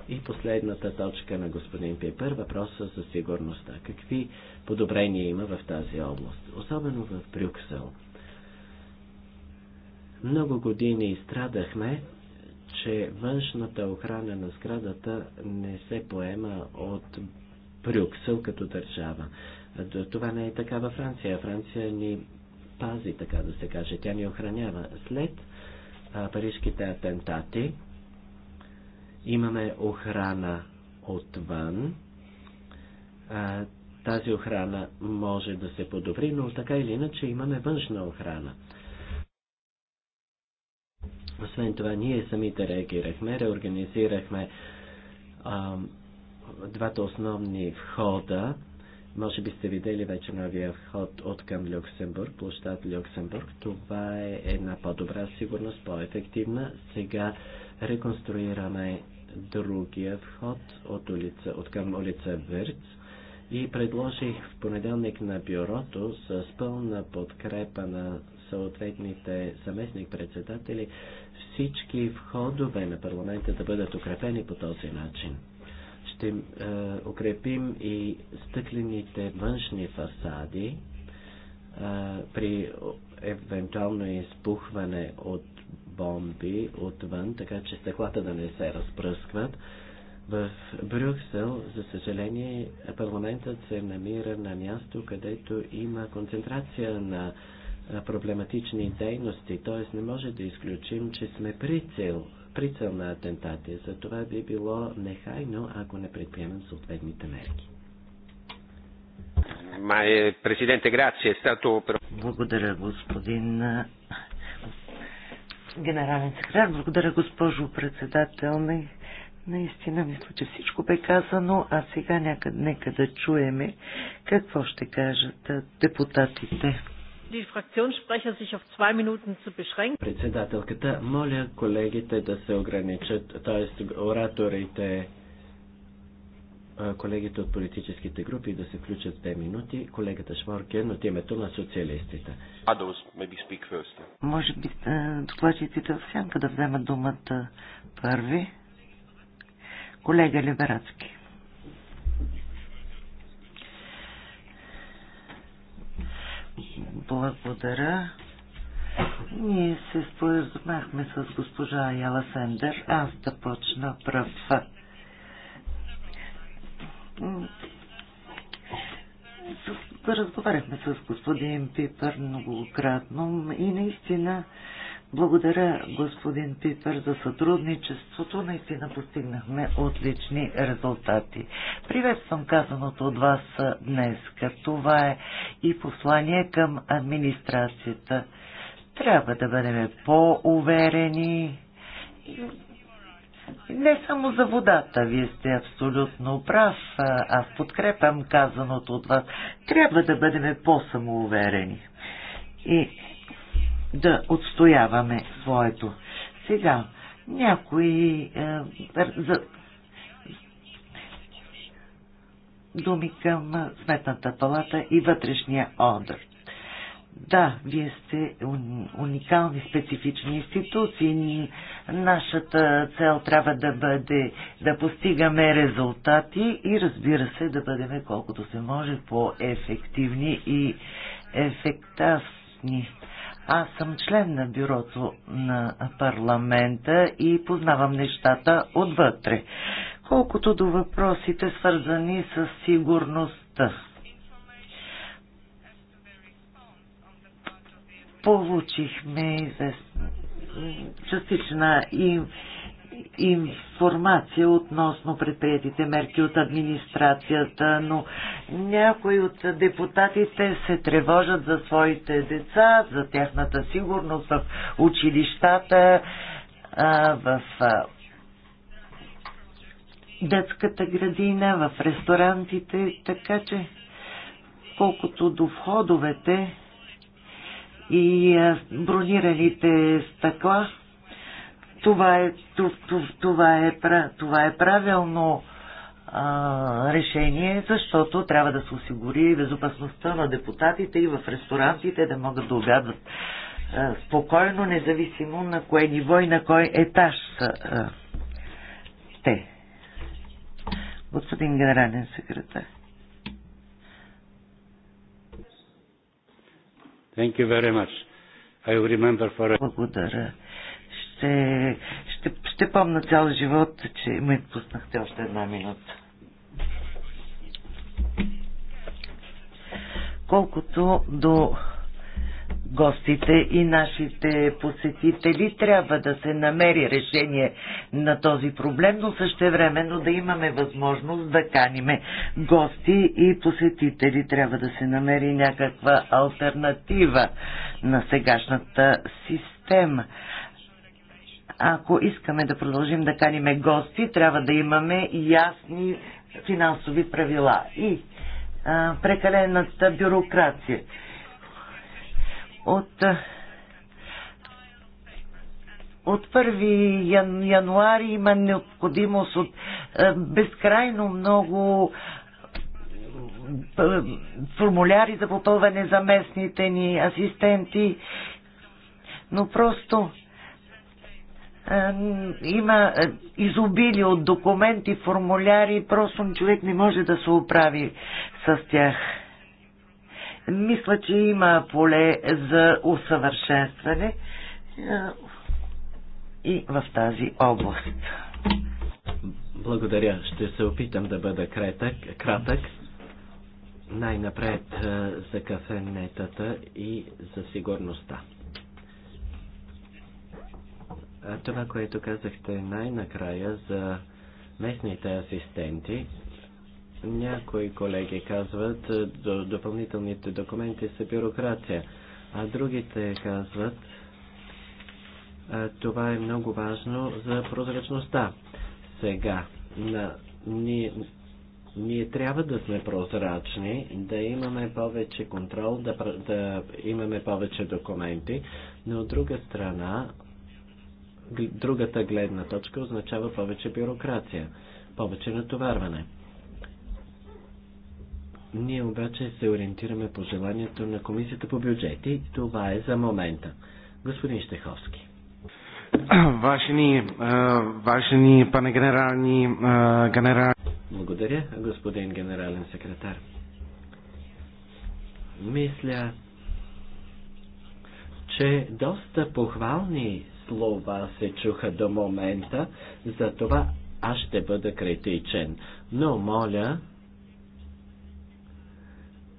И последната точка на господин Пипер, въпроса за сигурността. Какви подобрения има в тази област, особено в Брюксел? Много години страдахме че външната охрана на сградата не се поема от Брюксел като държава. Това не е така във Франция. Франция ни пази, така да се каже. Тя ни охранява. След а, парижките атентати имаме охрана отвън. А, тази охрана може да се подобри, но така или иначе имаме външна охрана. Освен това, ние самите реагирахме, реорганизирахме а, двата основни входа. Може би сте видели вече новия вход от към Люксембург, площад Люксембург. Това е една по-добра сигурност, по-ефективна. Сега реконструираме другия вход от, улица, от към улица Вирц и предложих в понеделник на бюрото с пълна подкрепа на съответните съместник-председатели всички входове на парламента да бъдат укрепени по този начин. Ще е, укрепим и стъклените външни фасади е, при евентуално изпухване от бомби отвън, така че стъклата да не се разпръскват. В Брюксел, за съжаление, парламентът се намира на място, където има концентрация на проблематични дейности, т.е. не може да изключим, че сме прицел, прицел на атентати. За това би било нехайно, ако не предприемем съответните мерки. Е, е Благодаря, господин генерален секретар. Благодаря, госпожо председател. Наистина мисля, че всичко бе казано, а сега някъде, нека да чуеме какво ще кажат депутатите. Председателката, моля колегите да се ограничат, т.е. ораторите, колегите от политическите групи да се включат две минути. Колегата Шморкен от името на социалистите. Може би докладчиците в сянка да вземат думата първи. Колега Либерацки. Благодаря. Ние се споразумяхме с госпожа Яла Сендер. Аз да почна пръв. Разговаряхме с господин Пипър многократно и наистина благодаря, господин Пипер, за сътрудничеството. Наистина постигнахме отлични резултати. Приветствам казаното от вас днес. Това е и послание към администрацията. Трябва да бъдем по-уверени. Не само за водата, вие сте абсолютно прав. Аз подкрепям казаното от вас. Трябва да бъдем по-самоуверени. И да отстояваме своето. Сега, някои е, за, думи към Сметната палата и вътрешния одър. Да, вие сте уникални, специфични институции. Нашата цел трябва да бъде да постигаме резултати и разбира се да бъдем колкото се може по-ефективни и ефектасни. Аз съм член на бюрото на парламента и познавам нещата отвътре. Колкото до въпросите, свързани с сигурността, получихме частична информация информация относно предприятите мерки от администрацията, но някои от депутатите се тревожат за своите деца, за тяхната сигурност в училищата, в детската градина, в ресторантите, така че колкото до входовете и бронираните стъкла, това е, това е, това е правилно а, решение, защото трябва да се осигури безопасността на депутатите и в ресторантите да могат да обядват а, спокойно, независимо на кое ниво и на кой етаж са а, те. Господин генерален секретар. Thank you very much. I remember for... Благодаря ще, ще, ще помна цял живот, че ме пуснахте още една минута. Колкото до гостите и нашите посетители трябва да се намери решение на този проблем, но същевременно да имаме възможност да каниме гости и посетители. Трябва да се намери някаква альтернатива на сегашната система ако искаме да продължим да каниме гости, трябва да имаме ясни финансови правила и а, прекалената бюрокрация. От, от 1 ян, януари има необходимост от а, безкрайно много а, формуляри за попълване за местните ни асистенти, но просто е, има е, изобилие от документи, формуляри, просто човек не може да се оправи с тях. Мисля, че има поле за усъвършенстване е, и в тази област. Благодаря. Ще се опитам да бъда кратък. кратък. Най-напред за кафенетата и за сигурността това, което казахте най-накрая за местните асистенти, някои колеги казват, е, допълнителните документи са бюрокрация, а другите казват, е, това е много важно за прозрачността. Сега, на, ние, ние трябва да сме прозрачни, да имаме повече контрол, да, да имаме повече документи, но от друга страна другата гледна точка означава повече бюрокрация, повече натоварване. Ние обаче се ориентираме по желанието на Комисията по бюджети това е за момента. Господин Штеховски. Вашени, е, вашени пане генерални, е, генерал... Благодаря, господин генерален секретар. Мисля, че доста похвални слова се чуха до момента, затова аз ще бъда критичен. Но моля,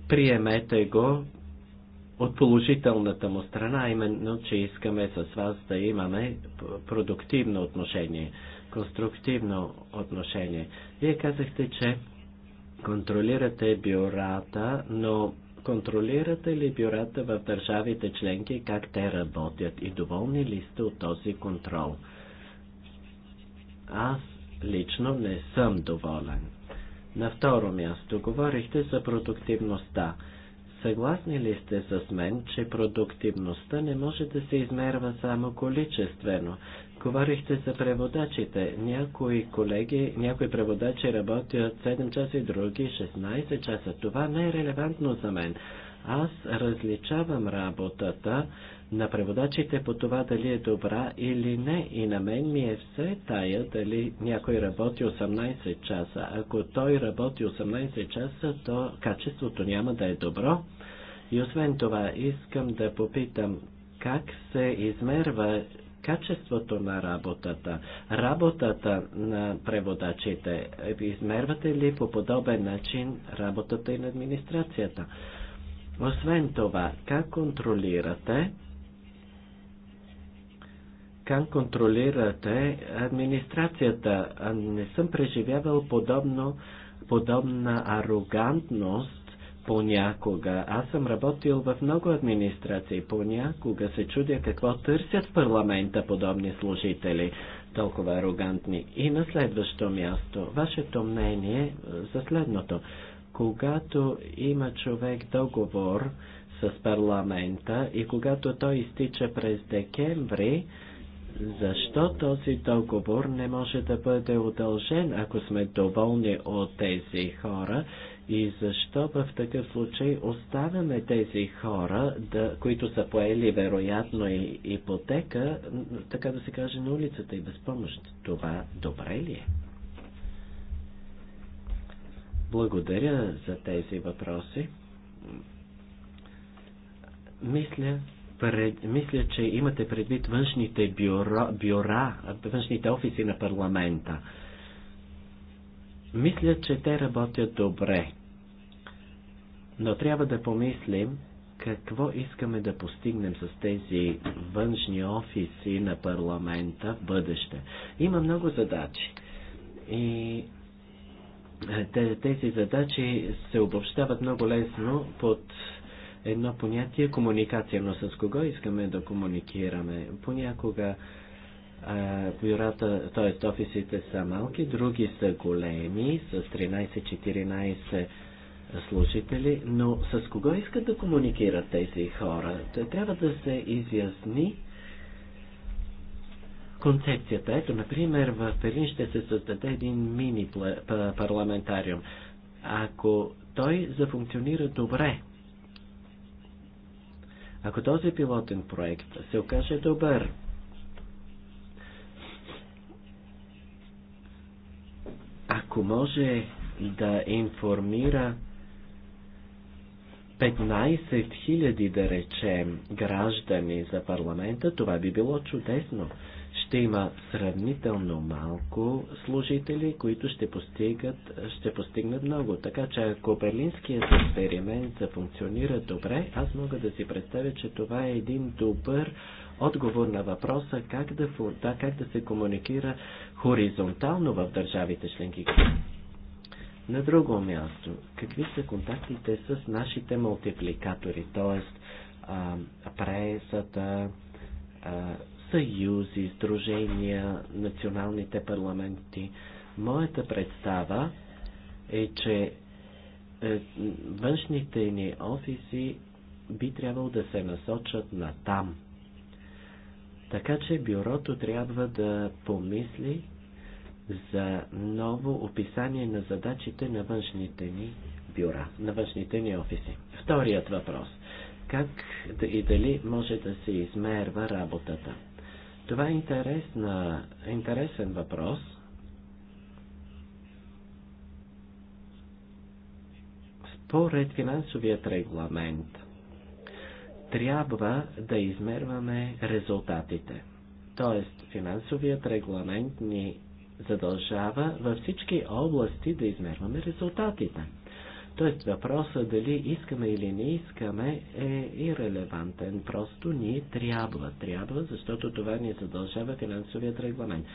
приемете го от положителната му страна, именно, че искаме с вас да имаме продуктивно отношение, конструктивно отношение. Вие казахте, че контролирате бюрата, но контролирате ли бюрата в държавите членки как те работят и доволни ли сте от този контрол? Аз лично не съм доволен. На второ място говорихте за продуктивността. Съгласни ли сте с мен, че продуктивността не може да се измерва само количествено? Говорихте за преводачите. Някои колеги, някои преводачи работят 7 часа и други 16 часа. Това не е релевантно за мен. Аз различавам работата на преводачите по това дали е добра или не. И на мен ми е все тая дали някой работи 18 часа. Ако той работи 18 часа, то качеството няма да е добро. И освен това, искам да попитам как се измерва качеството на работата, работата на преводачите. Измервате ли по подобен начин работата и на администрацията? Освен това, как контролирате как контролирате администрацията? Не съм преживявал подобно, подобна арогантност понякога. Аз съм работил в много администрации. Понякога се чудя какво търсят в парламента подобни служители, толкова арогантни. И на следващо място, вашето мнение е, за следното. Когато има човек договор с парламента и когато той изтича през декември, защо този договор не може да бъде удължен, ако сме доволни от тези хора? И защо в такъв случай оставяме тези хора, да, които са поели вероятно и ипотека, така да се каже, на улицата и без помощ? Това добре ли е? Благодаря за тези въпроси. Мисля, пред, мисля, че имате предвид външните бюро, бюра, външните офиси на парламента. Мисля, че те работят добре. Но трябва да помислим какво искаме да постигнем с тези външни офиси на парламента в бъдеще. Има много задачи. И е, тези задачи се обобщават много лесно под едно понятие комуникация, но с кого искаме да комуникираме. Понякога бюрата, т.е. офисите са малки, други са големи, с 13-14 служители, но с кого искат да комуникират тези хора? Трябва да се изясни концепцията. Ето, например, в Берлин ще се създаде един мини парламентариум. Ако той зафункционира добре, ако този пилотен проект се окаже добър, ако може да информира 15 000, да речем, граждани за парламента, това би било чудесно ще има сравнително малко служители, които ще, постигат, ще постигнат много. Така че ако берлинският експеримент функционира добре, аз мога да си представя, че това е един добър отговор на въпроса как да, да, как да се комуникира хоризонтално в държавите членки. На друго място, какви са контактите с нашите мултипликатори, т.е. пресата, съюзи, сдружения, националните парламенти. Моята представа е, че е, външните ни офиси би трябвало да се насочат на там. Така че бюрото трябва да помисли за ново описание на задачите на външните ни бюра, на външните ни офиси. Вторият въпрос. Как и дали може да се измерва работата? Това е интересна, интересен въпрос. Според финансовият регламент трябва да измерваме резултатите. Тоест, финансовият регламент ни задължава във всички области да измерваме резултатите. Тоест въпроса дали искаме или не искаме е ирелевантен. Просто ни трябва. Трябва, защото това ни задължава финансовият регламент.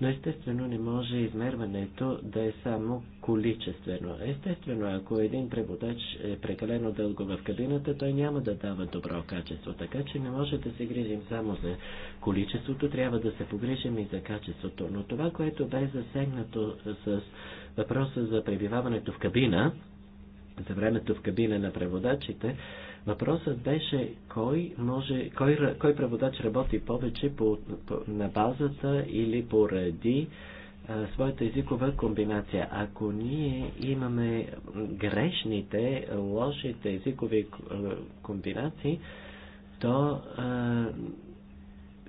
Но естествено не може измерването да е само количествено. Естествено, ако един преводач е прекалено дълго в кабината, той няма да дава добро качество. Така че не може да се грижим само за количеството, трябва да се погрижим и за качеството. Но това, което бе засегнато с въпроса за пребиваването в кабина, за времето в кабина на преводачите, въпросът беше кой, може, кой, кой преводач работи повече по, по, на базата или поради своята езикова комбинация. Ако ние имаме грешните, лошите езикови комбинации, то а,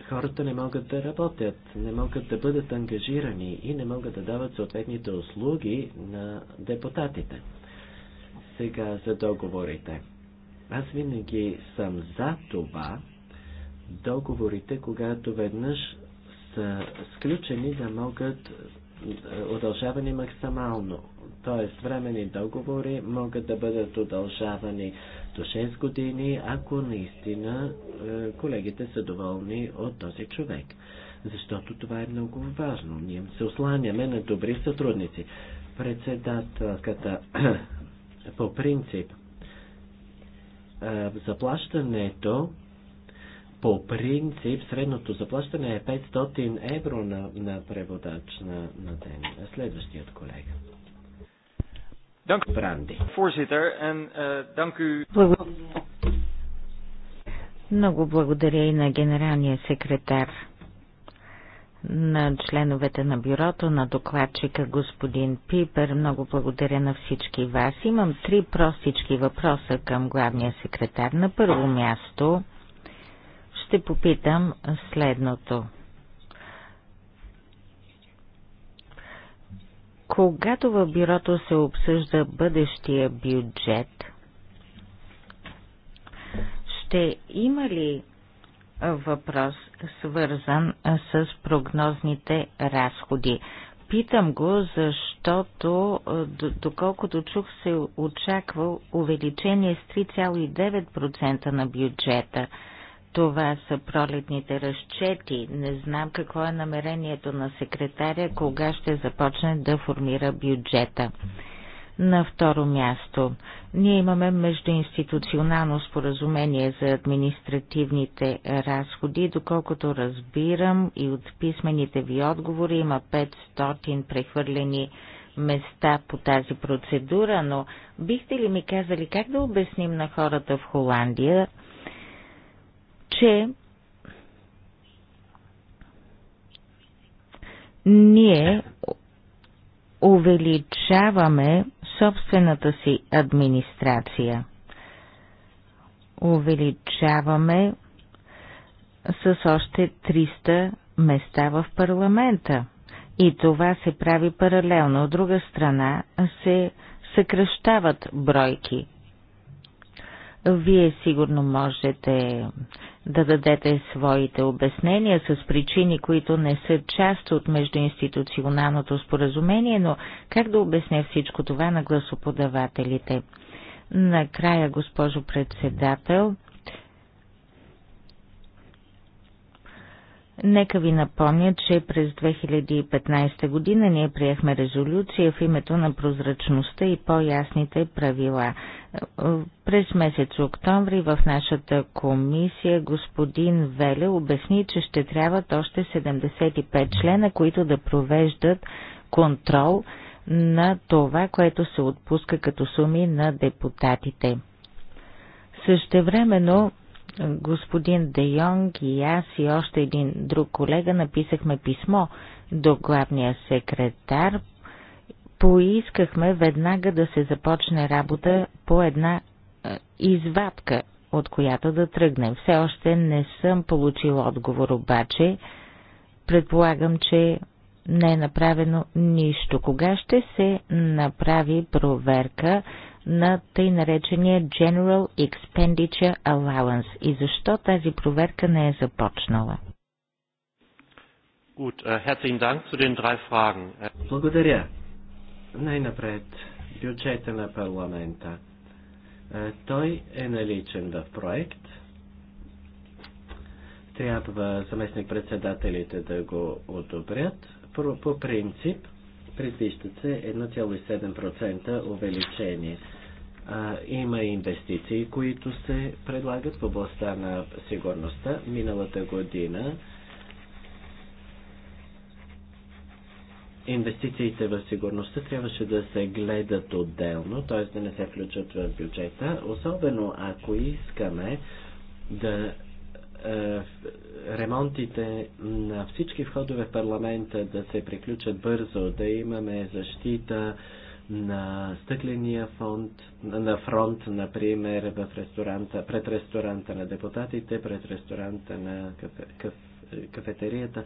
хората не могат да работят, не могат да бъдат ангажирани и не могат да дават съответните услуги на депутатите. Сега за договорите. Аз винаги съм за това договорите, когато веднъж са сключени да могат е, удължавани максимално. Тоест, времени договори могат да бъдат удължавани до 6 години, ако наистина е, колегите са доволни от този човек. Защото това е много важно. Ние се осланяме на добри сътрудници. Председателката по принцип. Заплащането по принцип средното заплащане е 500 евро на, на преводач на, на ден. Следващият колега. Dank u, voorzitter. En uh, dank u. Много благодаря и на генералния секретар на членовете на бюрото, на докладчика господин Пипер. Много благодаря на всички вас. Имам три простички въпроса към главния секретар. На първо място ще попитам следното. Когато в бюрото се обсъжда бъдещия бюджет, ще има ли въпрос, свързан с прогнозните разходи. Питам го, защото доколкото чух се очаква увеличение с 3,9% на бюджета. Това са пролетните разчети. Не знам какво е намерението на секретаря, кога ще започне да формира бюджета. На второ място, ние имаме междуинституционално споразумение за административните разходи. Доколкото разбирам и от писмените ви отговори, има 500 прехвърлени места по тази процедура, но бихте ли ми казали как да обясним на хората в Холандия, че ние увеличаваме собствената си администрация. Увеличаваме с още 300 места в парламента. И това се прави паралелно. От друга страна се съкръщават бройки. Вие сигурно можете да дадете своите обяснения с причини, които не са част от междуинституционалното споразумение, но как да обясня всичко това на гласоподавателите? Накрая, госпожо председател, Нека ви напомня, че през 2015 година ние приехме резолюция в името на прозрачността и по-ясните правила. През месец октомври в нашата комисия господин Веле обясни, че ще трябват още 75 члена, които да провеждат контрол на това, което се отпуска като суми на депутатите. Същевременно господин Де Йонг и аз и още един друг колега написахме писмо до главния секретар поискахме веднага да се започне работа по една е, извадка, от която да тръгнем. Все още не съм получил отговор, обаче предполагам, че не е направено нищо. Кога ще се направи проверка на тъй наречения General Expenditure Allowance и защо тази проверка не е започнала? Äh, Благодаря. Най-напред, бюджета на парламента. Е, той е наличен в проект. Трябва заместник-председателите да го одобрят. По принцип, предвиждат се 1,7% увеличение. има инвестиции, които се предлагат в областта на сигурността. Миналата година Инвестициите в сигурността трябваше да се гледат отделно, т.е. да не се включат в бюджета, особено ако искаме да е, ремонтите на всички входове в парламента да се приключат бързо, да имаме защита на стъкления фонд, на фронт, например, в ресторанта, пред ресторанта на депутатите, пред ресторанта на кафе, каф, кафетерията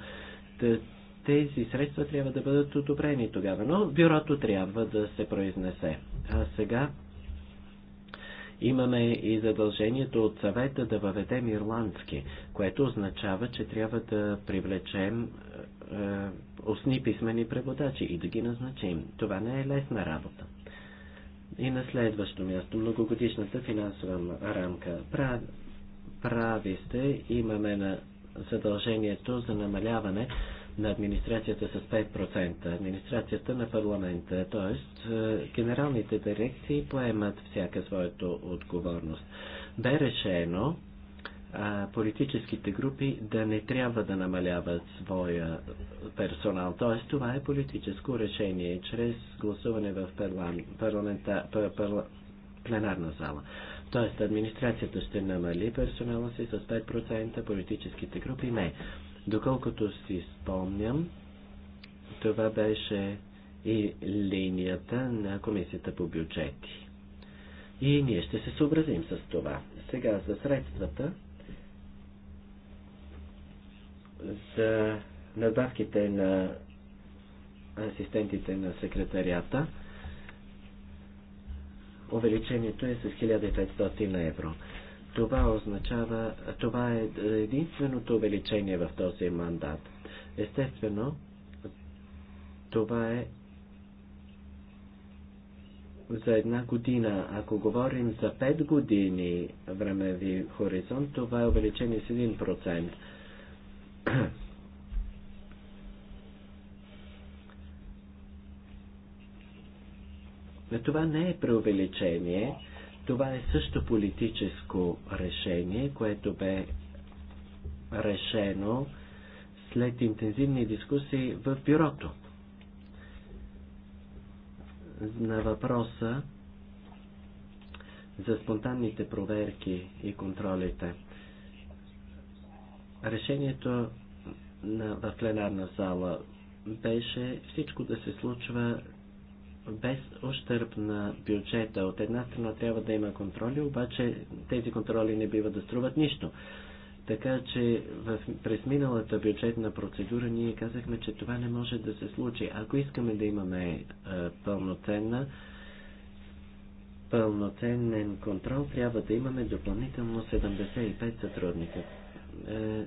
тези средства трябва да бъдат одобрени тогава, но бюрото трябва да се произнесе. А сега имаме и задължението от съвета да въведем ирландски, което означава, че трябва да привлечем е, устни писмени преводачи и да ги назначим. Това не е лесна работа. И на следващо място, многогодишната финансова рамка. Прави сте, имаме на задължението за намаляване на администрацията с 5%, администрацията на парламента, т.е. генералните дирекции поемат всяка своята отговорност. Бе решено а, политическите групи да не трябва да намаляват своя персонал. Т.е. това е политическо решение чрез гласуване в парлам, парламента, пар, пленарна зала. Т.е. администрацията ще намали персонала си с 5%, политическите групи не. Доколкото си спомням, това беше и линията на Комисията по бюджети. И ние ще се съобразим с това. Сега за средствата, за надбавките на асистентите на секретарията, увеличението е с 1500 евро. Това означава, това е единственото увеличение в този мандат. Естествено, това е за една година. Ако говорим за 5 години времеви хоризонт, това е увеличение с 1%. това не е преувеличение. Това е също политическо решение, което бе решено след интензивни дискусии в бюрото. На въпроса за спонтанните проверки и контролите. Решението на, в пленарна зала беше всичко да се случва без ущърп на бюджета. От една страна трябва да има контроли, обаче тези контроли не бива да струват нищо. Така че в, през миналата бюджетна процедура ние казахме, че това не може да се случи. Ако искаме да имаме е, пълноценна, пълноценен контрол, трябва да имаме допълнително 75 сътрудника. Е,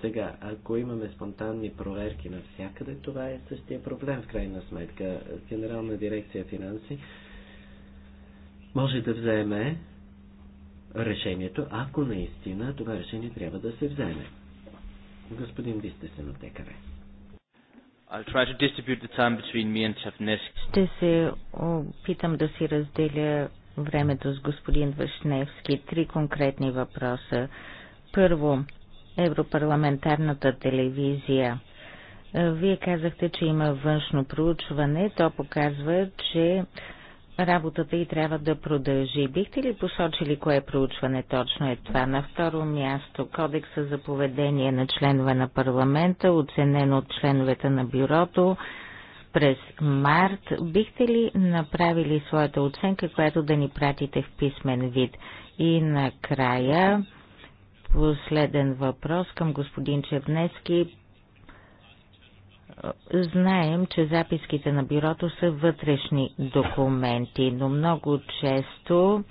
сега, ако имаме спонтанни проверки навсякъде, това е същия проблем в крайна сметка. Генерална дирекция финанси може да вземе решението, ако наистина това решение трябва да се вземе. Господин Вистесен от ЕКР. Ще се опитам да си разделя времето с господин Вашневски. Три конкретни въпроса. Първо, Европарламентарната телевизия. Вие казахте, че има външно проучване. То показва, че работата и трябва да продължи. Бихте ли посочили кое проучване точно е това? На второ място, кодекса за поведение на членове на парламента, оценен от членовете на бюрото през март. Бихте ли направили своята оценка, която да ни пратите в писмен вид? И накрая, Последен въпрос към господин Чевнески. Знаем, че записките на бюрото са вътрешни документи, но много често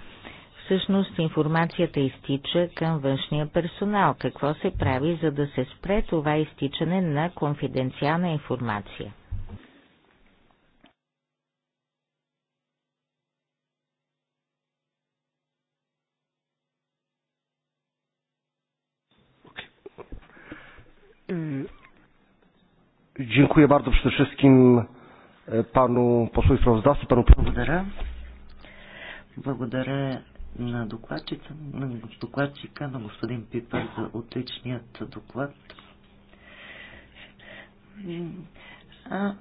всъщност информацията изтича към външния персонал. Какво се прави, за да се спре това изтичане на конфиденциална информация? Е, Dziękuję bardzo przede wszystkim e, panu posłowi sprawozdawcy, panu Благодаря. Благодаря на докладчика, на докладчика, на господин Пипер за отличният доклад. А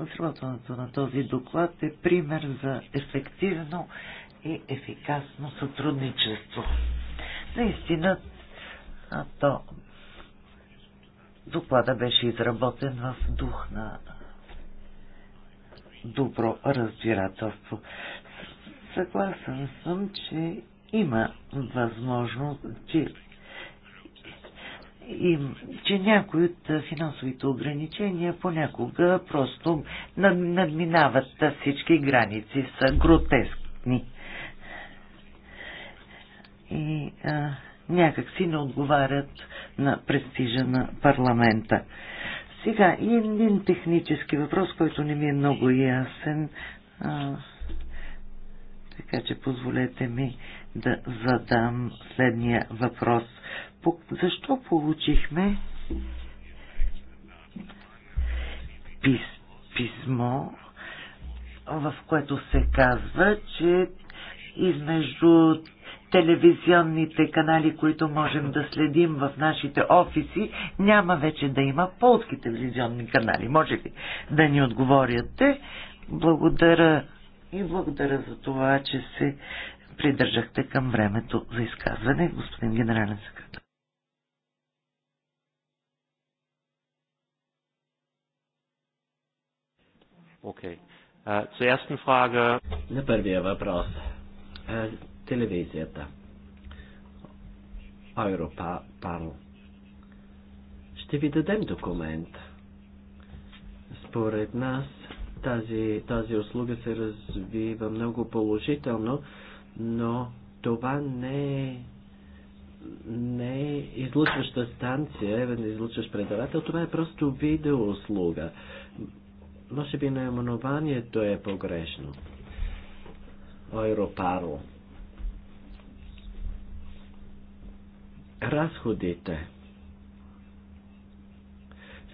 разработването на този доклад е пример за ефективно и ефикасно сътрудничество. Наистина, то Доклада беше изработен в дух на добро разбирателство. Съгласен съм, че има възможност, че, им, че някои от финансовите ограничения понякога просто надминават всички граници, са гротескни. И а, някакси не отговарят на престижа на парламента. Сега, и един технически въпрос, който не ми е много ясен, а, така че позволете ми да задам следния въпрос. По, защо получихме пис, писмо, в което се казва, че измежду телевизионните канали, които можем да следим в нашите офиси, няма вече да има полски телевизионни канали. Може ли да ни отговоряте? Благодаря и благодаря за това, че се придържахте към времето за изказване, господин генерален секретар. Okay. Uh, zur ersten Frage. На първия въпрос äh, телевизията. Европарл. Ще ви дадем документ. Според нас тази, тази услуга се развива много положително, но това не е не е излучваща станция, не излучващ предавател, това е просто видеоуслуга. Може би наименованието е погрешно. Ойропарло. разходите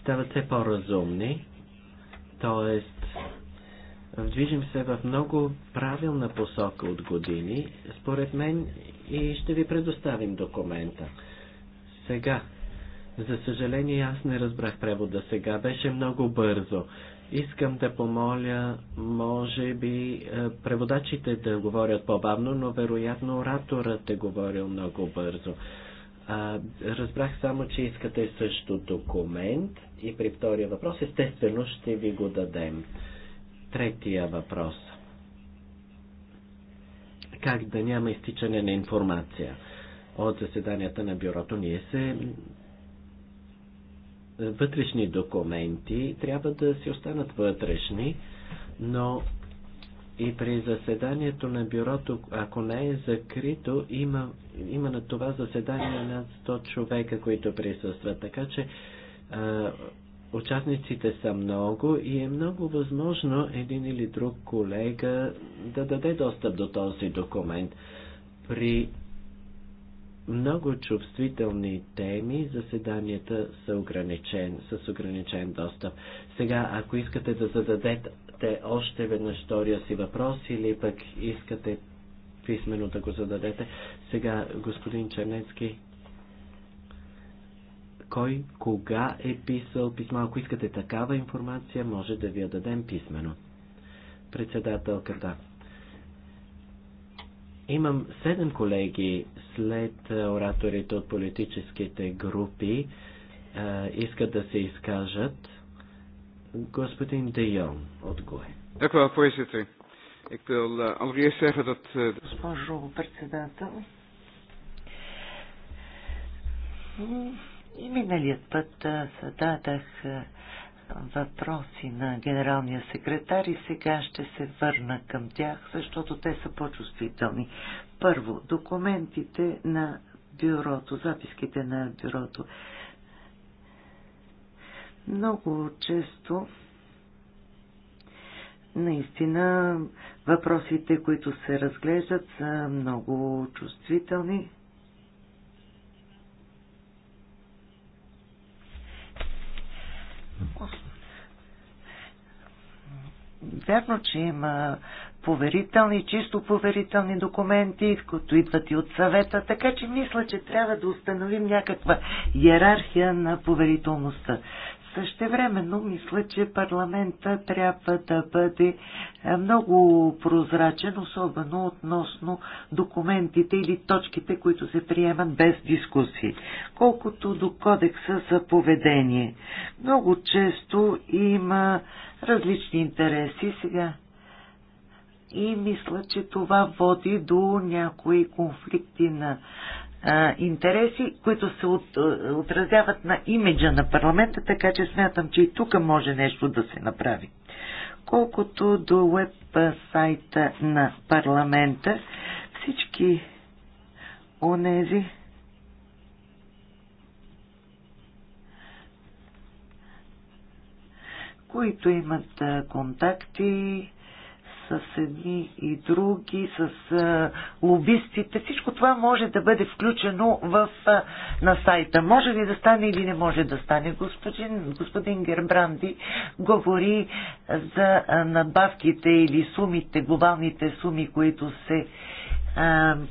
стават все по-разумни, т.е. движим се в много правилна посока от години, според мен, и ще ви предоставим документа. Сега, за съжаление, аз не разбрах превода сега, беше много бързо. Искам да помоля, може би, е, преводачите да говорят по-бавно, но вероятно ораторът е говорил много бързо. А, разбрах само, че искате също документ и при втория въпрос естествено ще ви го дадем. Третия въпрос. Как да няма изтичане на информация? От заседанията на бюрото ние се вътрешни документи трябва да си останат вътрешни, но и при заседанието на бюрото, ако не е закрито, има, има на това заседание над 100 човека, които присъстват. Така че а, участниците са много и е много възможно един или друг колега да даде достъп до този документ. При много чувствителни теми заседанията са ограничен, с ограничен достъп. Сега, ако искате да зададете те още веднъж втория си въпрос или пък искате писменно да го зададете. Сега, господин Чернецки, кой, кога е писал писма? Ако искате такава информация, може да ви я дадем писменно. Председателката. Имам седем колеги след ораторите от политическите групи. искат да се изкажат. Господин Де Йон от ГОЕ. Дякую, voorzitter. Ik wil uh, allereerst zeggen dat... Uh... Госпожо председател, и миналият път зададах въпроси на генералния секретар и сега ще се върна към тях, защото те са по-чувствителни. Първо, документите на бюрото, записките на бюрото. Много често наистина въпросите, които се разглеждат, са много чувствителни. Вярно, че има поверителни, чисто поверителни документи, които идват и от съвета, така че мисля, че трябва да установим някаква иерархия на поверителността. Същевременно мисля, че парламента трябва да бъде е, много прозрачен, особено относно документите или точките, които се приемат без дискусии. Колкото до кодекса за поведение. Много често има различни интереси сега. И мисля, че това води до някои конфликти на а, интереси, които се от, отразяват на имиджа на парламента, така че смятам, че и тук може нещо да се направи. Колкото до веб сайта на парламента, всички онези, които имат контакти с едни и други, с а, лобистите. Всичко това може да бъде включено в, а, на сайта. Може ли да стане или не може да стане? Господин, господин Гербранди говори за а, надбавките или сумите, глобалните суми, които се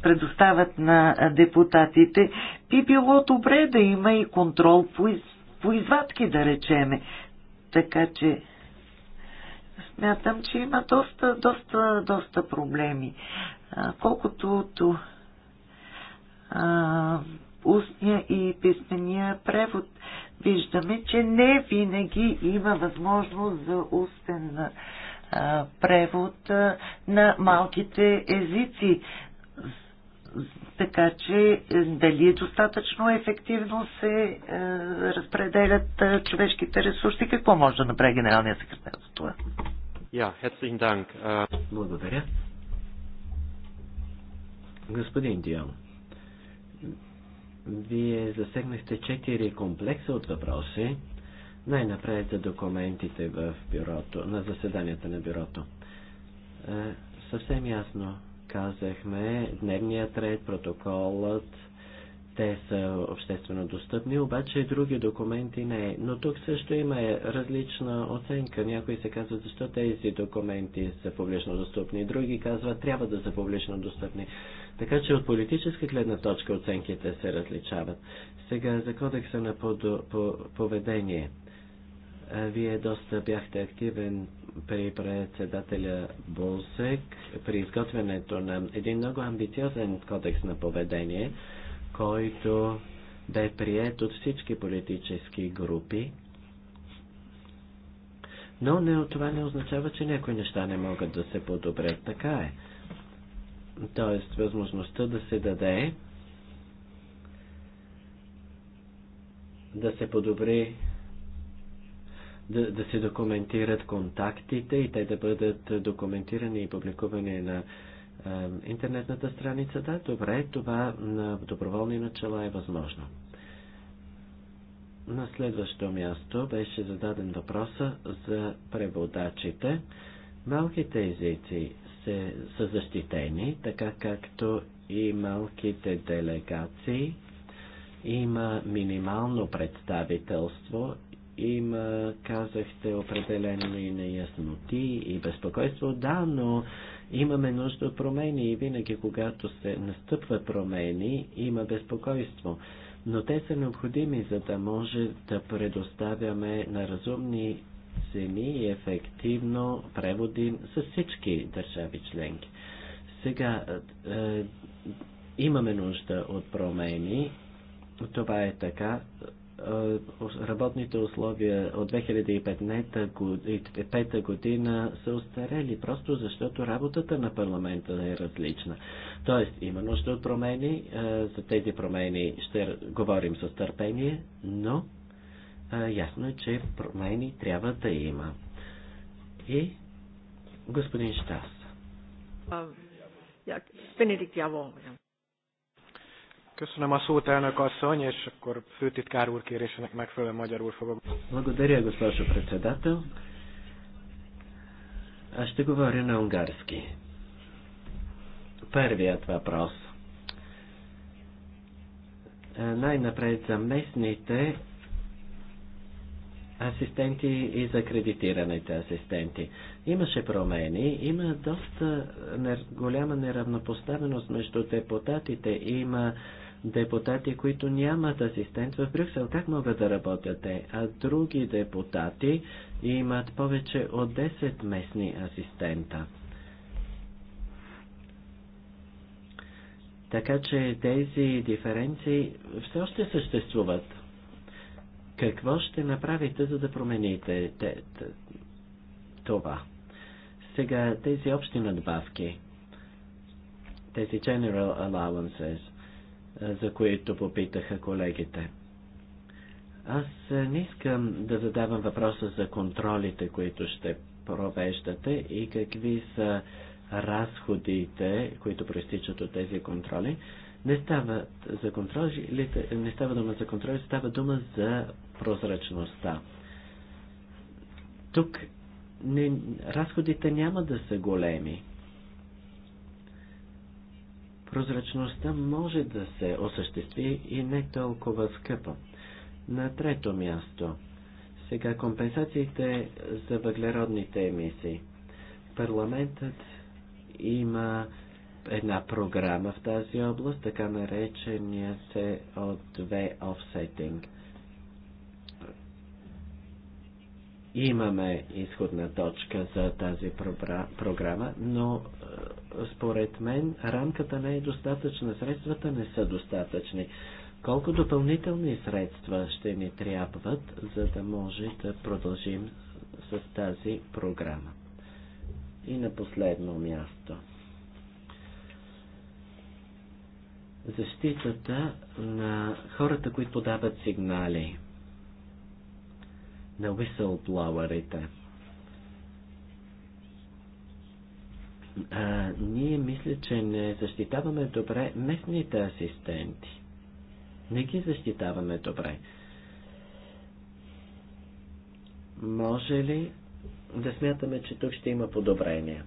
предоставят на депутатите, би било добре да има и контрол по, из, по извадки, да речеме. Така че Мятам, че има доста, доста, доста проблеми. Колкото а, устния и писмения превод, виждаме, че не винаги има възможност за устен превод на малките езици. Така че е, дали е достатъчно ефективно се е, разпределят е, човешките ресурси, какво може да направи генералния секретар за това? Ja, herzlichen Dank. Äh, Благодаря. Господин Дион, вие засегнахте четири комплекса от въпроси. Най-напред за документите в бюрото, на заседанията на бюрото. Е, съвсем ясно казахме дневният ред, протоколът, те са обществено достъпни, обаче други документи не. Но тук също има различна оценка. Някои се казват, защо тези документи са публично достъпни, други казват, трябва да са публично достъпни. Така че от политическа гледна точка оценките се различават. Сега за кодекса на поведение. Вие доста бяхте активен при председателя Болсек при изготвянето на един много амбициозен кодекс на поведение – който да е прият от всички политически групи. Но не, това не означава, че някои неща не могат да се подобрят. Така е. Тоест, възможността да се даде да се подобри, да, да се документират контактите и те да бъдат документирани и публикувани на е, интернетната страница, да, добре, това на доброволни начала е възможно. На следващо място беше зададен въпроса за преводачите. Малките езици се, са защитени, така както и малките делегации. Има минимално представителство, има, казахте, определени неясноти и безпокойство, да, но Имаме нужда от промени и винаги, когато се настъпват промени, има безпокойство. Но те са необходими, за да може да предоставяме на разумни цени и ефективно преводи с всички държави членки. Сега е, е, имаме нужда от промени. Това е така работните условия от 2005 година са устарели, просто защото работата на парламента е различна. Тоест, има нужда от промени, за тези промени ще говорим с търпение, но ясно е, че промени трябва да има. И господин Штас. Бенедикт Явор. Köszönöm a szót, elnök asszony, és akkor főtitkár úr kérésének megfelelően magyarul fogok. Благодаря, госпожо председател. Аз ще говоря на унгарски. Първият въпрос. Е, най-напред за местните асистенти и за кредитираните асистенти. Имаше промени, има доста голяма неравнопоставеност между депутатите, има депутати, които нямат асистент в Брюксел. Как могат да работят те? А други депутати имат повече от 10 местни асистента. Така че тези диференции все още съществуват. Какво ще направите, за да промените те, те, това? Сега тези общи надбавки, тези general allowances – за които попитаха колегите. Аз не искам да задавам въпроса за контролите, които ще провеждате и какви са разходите, които проистичат от тези контроли. Не става, за контроли, не става дума за контроли, става дума за прозрачността. Тук не, разходите няма да са големи прозрачността може да се осъществи и не толкова скъпо. На трето място. Сега компенсациите за въглеродните емисии. Парламентът има една програма в тази област, така наречения се от две офсетинг. Имаме изходна точка за тази програма, но според мен, рамката не е достатъчна, средствата не са достатъчни. Колко допълнителни средства ще ни трябват, за да може да продължим с тази програма? И на последно място. Защитата на хората, които подават сигнали на whistleblowerите. а, ние мисля, че не защитаваме добре местните асистенти. Не ги защитаваме добре. Може ли да смятаме, че тук ще има подобрения?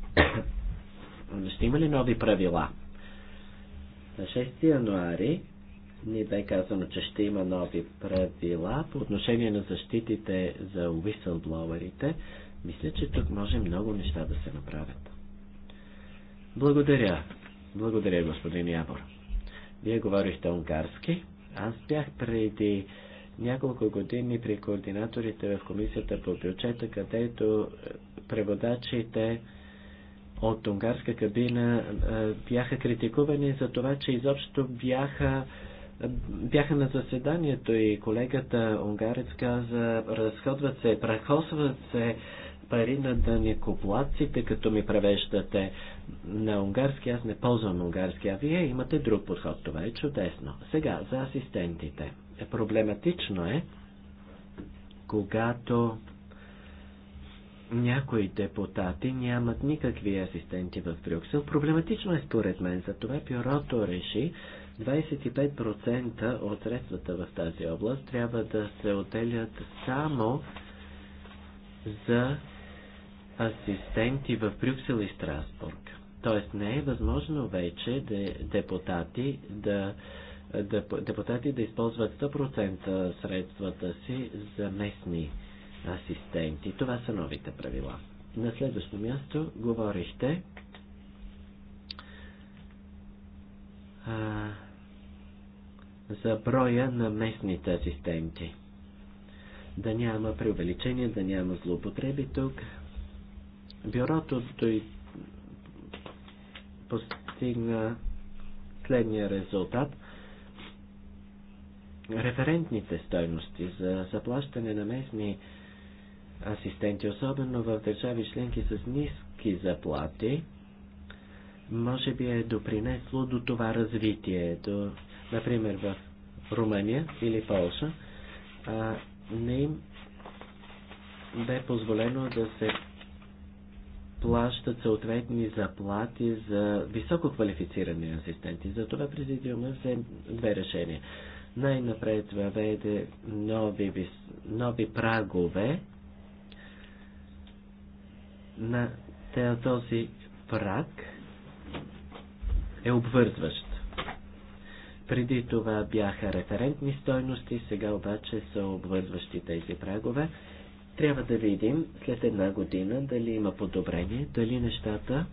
ще има ли нови правила? На 6 януари ни бе казано, че ще има нови правила по отношение на защитите за whistleblowerите. Мисля, че тук може много неща да се направят. Благодаря. Благодаря, господин Явор. Вие говорихте унгарски. Аз бях преди няколко години при координаторите в комисията по бюджета, където е, преводачите от унгарска кабина е, бяха критикувани за това, че изобщо бяха е, бяха на заседанието и колегата унгарец каза, разходват се, прахосват се пари на дънекоплаците, като ми превеждате на унгарски. Аз не ползвам унгарски, а вие имате друг подход. Това е чудесно. Сега, за асистентите. Проблематично е, когато някои депутати нямат никакви асистенти в Брюксел. Проблематично е според мен, За това, бюрото реши 25% от средствата в тази област трябва да се отделят само за асистенти в Брюксел и Страсбург. Тоест не е възможно вече депутати да, депутати да използват 100% средствата си за местни асистенти. Това са новите правила. На следващо място говорихте а, за броя на местните асистенти. Да няма преувеличение, да няма злоупотреби тук. Бюрото той постигна следния резултат. Референтните стойности за заплащане на местни асистенти, особено в държави членки с ниски заплати, може би е допринесло до това развитие. До, например, в Румъния или Полша а, не им бе позволено да се плащат съответни заплати за високо квалифицирани асистенти. Затова президиума взе две решения. Най-напред въведе нови, нови прагове на този праг е обвързващ. Преди това бяха референтни стойности, сега обаче са обвързващи тези прагове. Трябва да видим след една година дали има подобрение, дали нещата,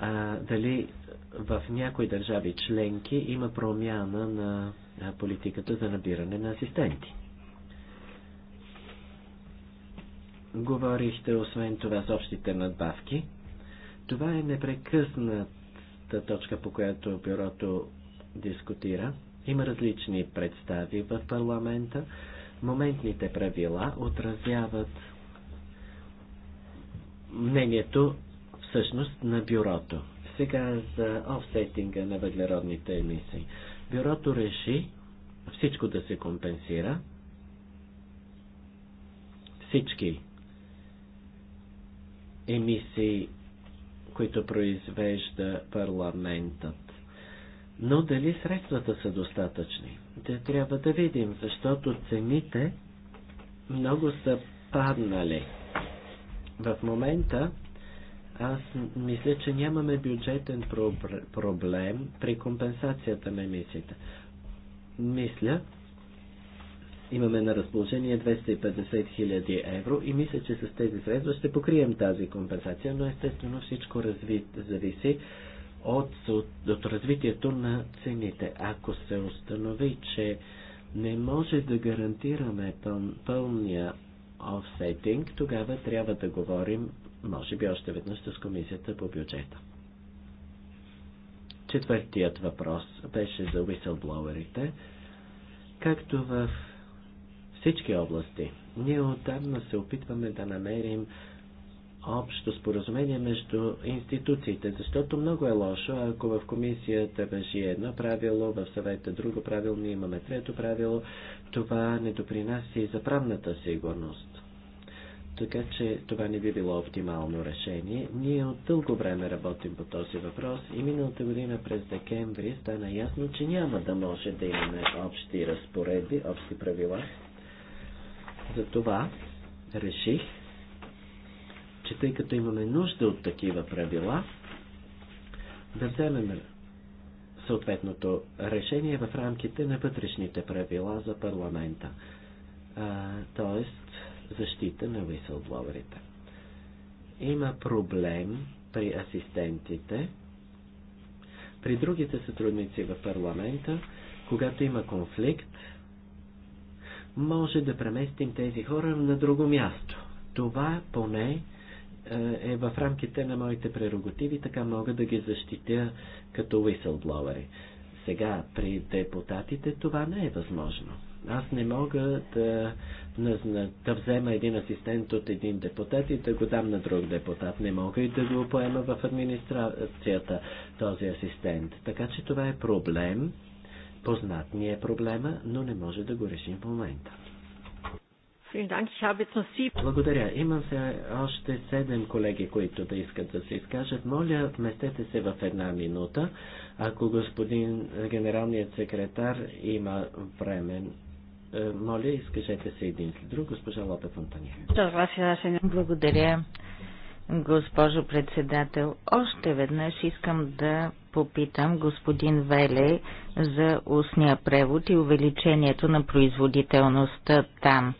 а, дали в някои държави членки има промяна на политиката за набиране на асистенти. Говорихте освен това с общите надбавки. Това е непрекъсната точка, по която бюрото дискутира. Има различни представи в парламента. Моментните правила отразяват мнението всъщност на бюрото. Сега за офсетинга на въглеродните емисии. Бюрото реши всичко да се компенсира. Всички емисии, които произвежда парламентът. Но дали средствата са достатъчни? да трябва да видим, защото цените много са паднали. В момента аз мисля, че нямаме бюджетен проблем при компенсацията на емисиите. Мисля, имаме на разположение 250 000 евро и мисля, че с тези средства ще покрием тази компенсация, но естествено всичко развит, зависи от, от развитието на цените. Ако се установи, че не може да гарантираме пъл, пълния офсетинг, тогава трябва да говорим, може би още веднъж с комисията по бюджета. Четвъртият въпрос беше за уисълблоуерите. Както в всички области, ние отдавна се опитваме да намерим общо споразумение между институциите, защото много е лошо, ако в комисията беше едно правило, в съвета друго правило, ние имаме трето правило, това не допринася и за правната сигурност. Така че това не би било оптимално решение. Ние от дълго време работим по този въпрос и миналата година през декември стана ясно, че няма да може да имаме общи разпоредби, общи правила. Затова реших че тъй като имаме нужда от такива правила, да вземем съответното решение в рамките на вътрешните правила за парламента, т.е. защита на уисълбловерите. Има проблем при асистентите, при другите сътрудници в парламента, когато има конфликт, може да преместим тези хора на друго място. Това поне е, е в рамките на моите прерогативи, така мога да ги защитя като whistleblowers. Сега при депутатите това не е възможно. Аз не мога да, да взема един асистент от един депутат и да го дам на друг депутат. Не мога и да го поема в администрацията този асистент. Така че това е проблем. Познат ни е проблема, но не може да го решим в момента. Благодаря. Имам се още седем колеги, които да искат да се изкажат. Моля, вместете се в една минута. Ако господин генералният секретар има време, е, моля, изкажете се един след друг. Госпожа Лопе Фонтания. Благодаря, госпожо председател. Още веднъж искам да попитам господин Веле за устния превод и увеличението на производителността там.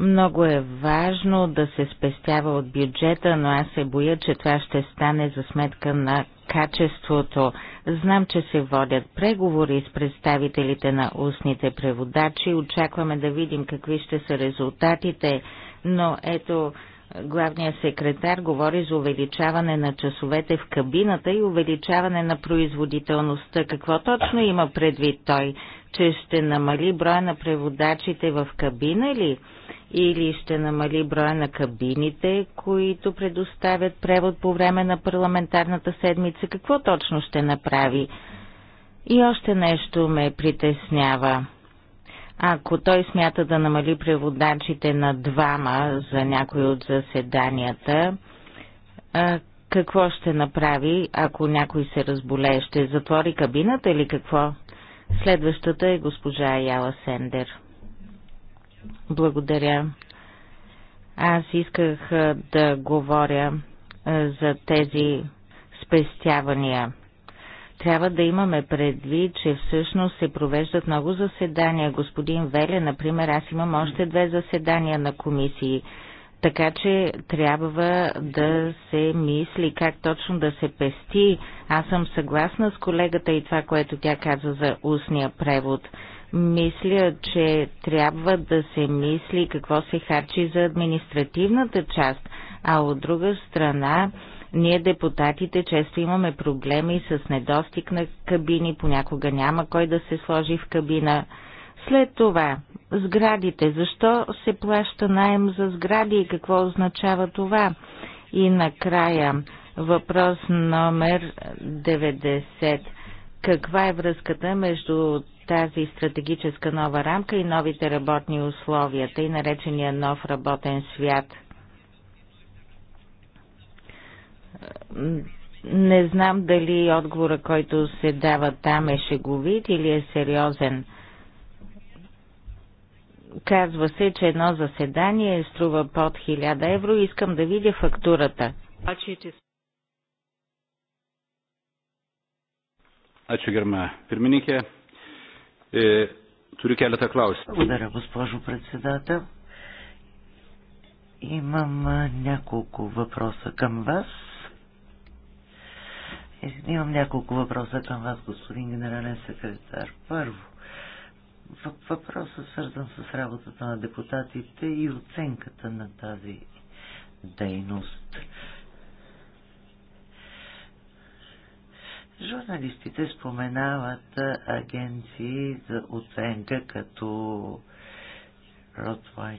Много е важно да се спестява от бюджета, но аз се боя, че това ще стане за сметка на качеството. Знам, че се водят преговори с представителите на устните преводачи. Очакваме да видим какви ще са резултатите, но ето главният секретар говори за увеличаване на часовете в кабината и увеличаване на производителността. Какво точно има предвид той? Че ще намали броя на преводачите в кабина ли? или ще намали броя на кабините, които предоставят превод по време на парламентарната седмица? Какво точно ще направи? И още нещо ме притеснява. Ако той смята да намали преводачите на двама за някои от заседанията, какво ще направи, ако някой се разболее? Ще затвори кабината или какво? Следващата е госпожа Яла Сендер. Благодаря. Аз исках да говоря за тези спестявания. Трябва да имаме предвид, че всъщност се провеждат много заседания. Господин Веле, например, аз имам още две заседания на комисии. Така че трябва да се мисли как точно да се пести. Аз съм съгласна с колегата и това, което тя каза за устния превод – мисля, че трябва да се мисли какво се харчи за административната част, а от друга страна ние депутатите често имаме проблеми с недостиг на кабини, понякога няма кой да се сложи в кабина. След това, сградите. Защо се плаща найем за сгради и какво означава това? И накрая, въпрос номер 90 каква е връзката между тази стратегическа нова рамка и новите работни условия, и наречения нов работен свят. Не знам дали отговора, който се дава там е шеговит или е сериозен. Казва се, че едно заседание струва под 1000 евро. Искам да видя фактурата. Ačiū germa pirmininkė. E, turiu keletą klausimų. Благодаря, госпожо председател. Имам няколко въпроса към вас. Е, имам няколко въпроса към вас, господин генерален секретар. Първо, въпросът свързан с работата на депутатите и оценката на тази дейност. Журналистите споменават агенции за оценка като Road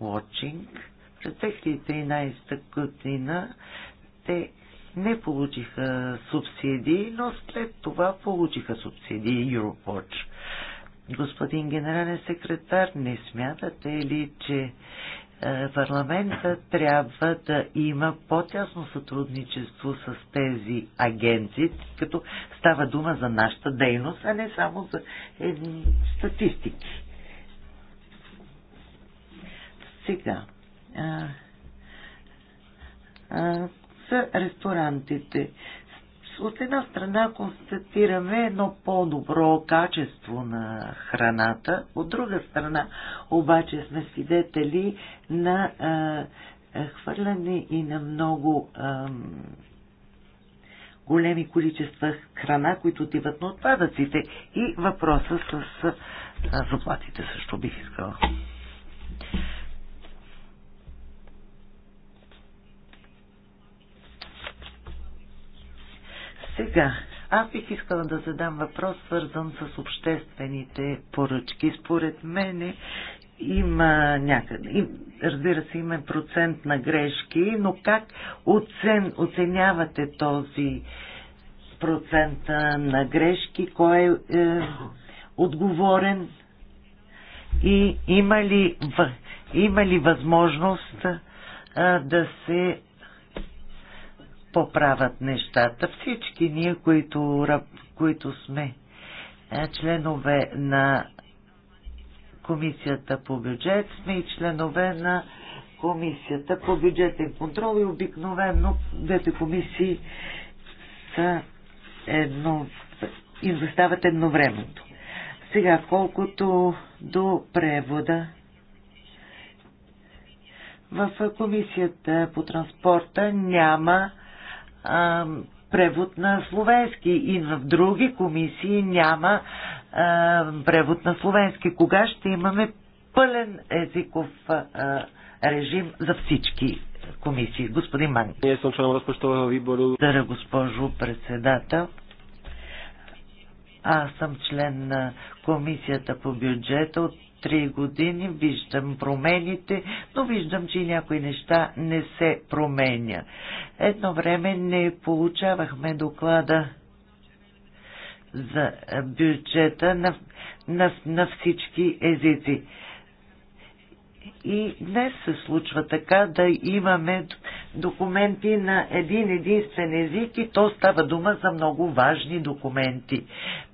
Watching. През 2013 година те не получиха субсидии, но след това получиха субсидии Europatch. Господин генерален секретар, не смятате ли, че парламента трябва да има по-тясно сътрудничество с тези агенции, като става дума за нашата дейност, а не само за едни статистики. Сега. А, а, за ресторантите от една страна констатираме едно по-добро качество на храната, от друга страна обаче сме свидетели на а, хвърляне и на много а, големи количества храна, които отиват на отпадъците и въпроса с а, заплатите също бих искала. Сега, аз бих искала да задам въпрос, свързан с обществените поръчки. Според мене има някъде, разбира се, има процент на грешки, но как оцен, оценявате този процент на грешки? Кой е, е отговорен? И има ли, има ли възможност е, да се поправят нещата. Всички ние, които, които сме е, членове на Комисията по бюджет, сме и членове на Комисията по бюджетен контрол и обикновено двете комисии са едно, изостават едновременно. Сега, колкото до превода, в комисията по транспорта няма а, превод на словенски и в други комисии няма а, превод на словенски. Кога ще имаме пълен езиков а, режим за всички комисии? Господин Манни, Ние съм член разпочтовého госпожо председател. Аз съм член на комисията по бюджета от три години, виждам промените, но виждам, че и някои неща не се променя. Едно време не получавахме доклада за бюджета на, на, на всички езици. И днес се случва така да имаме документи на един единствен език и то става дума за много важни документи.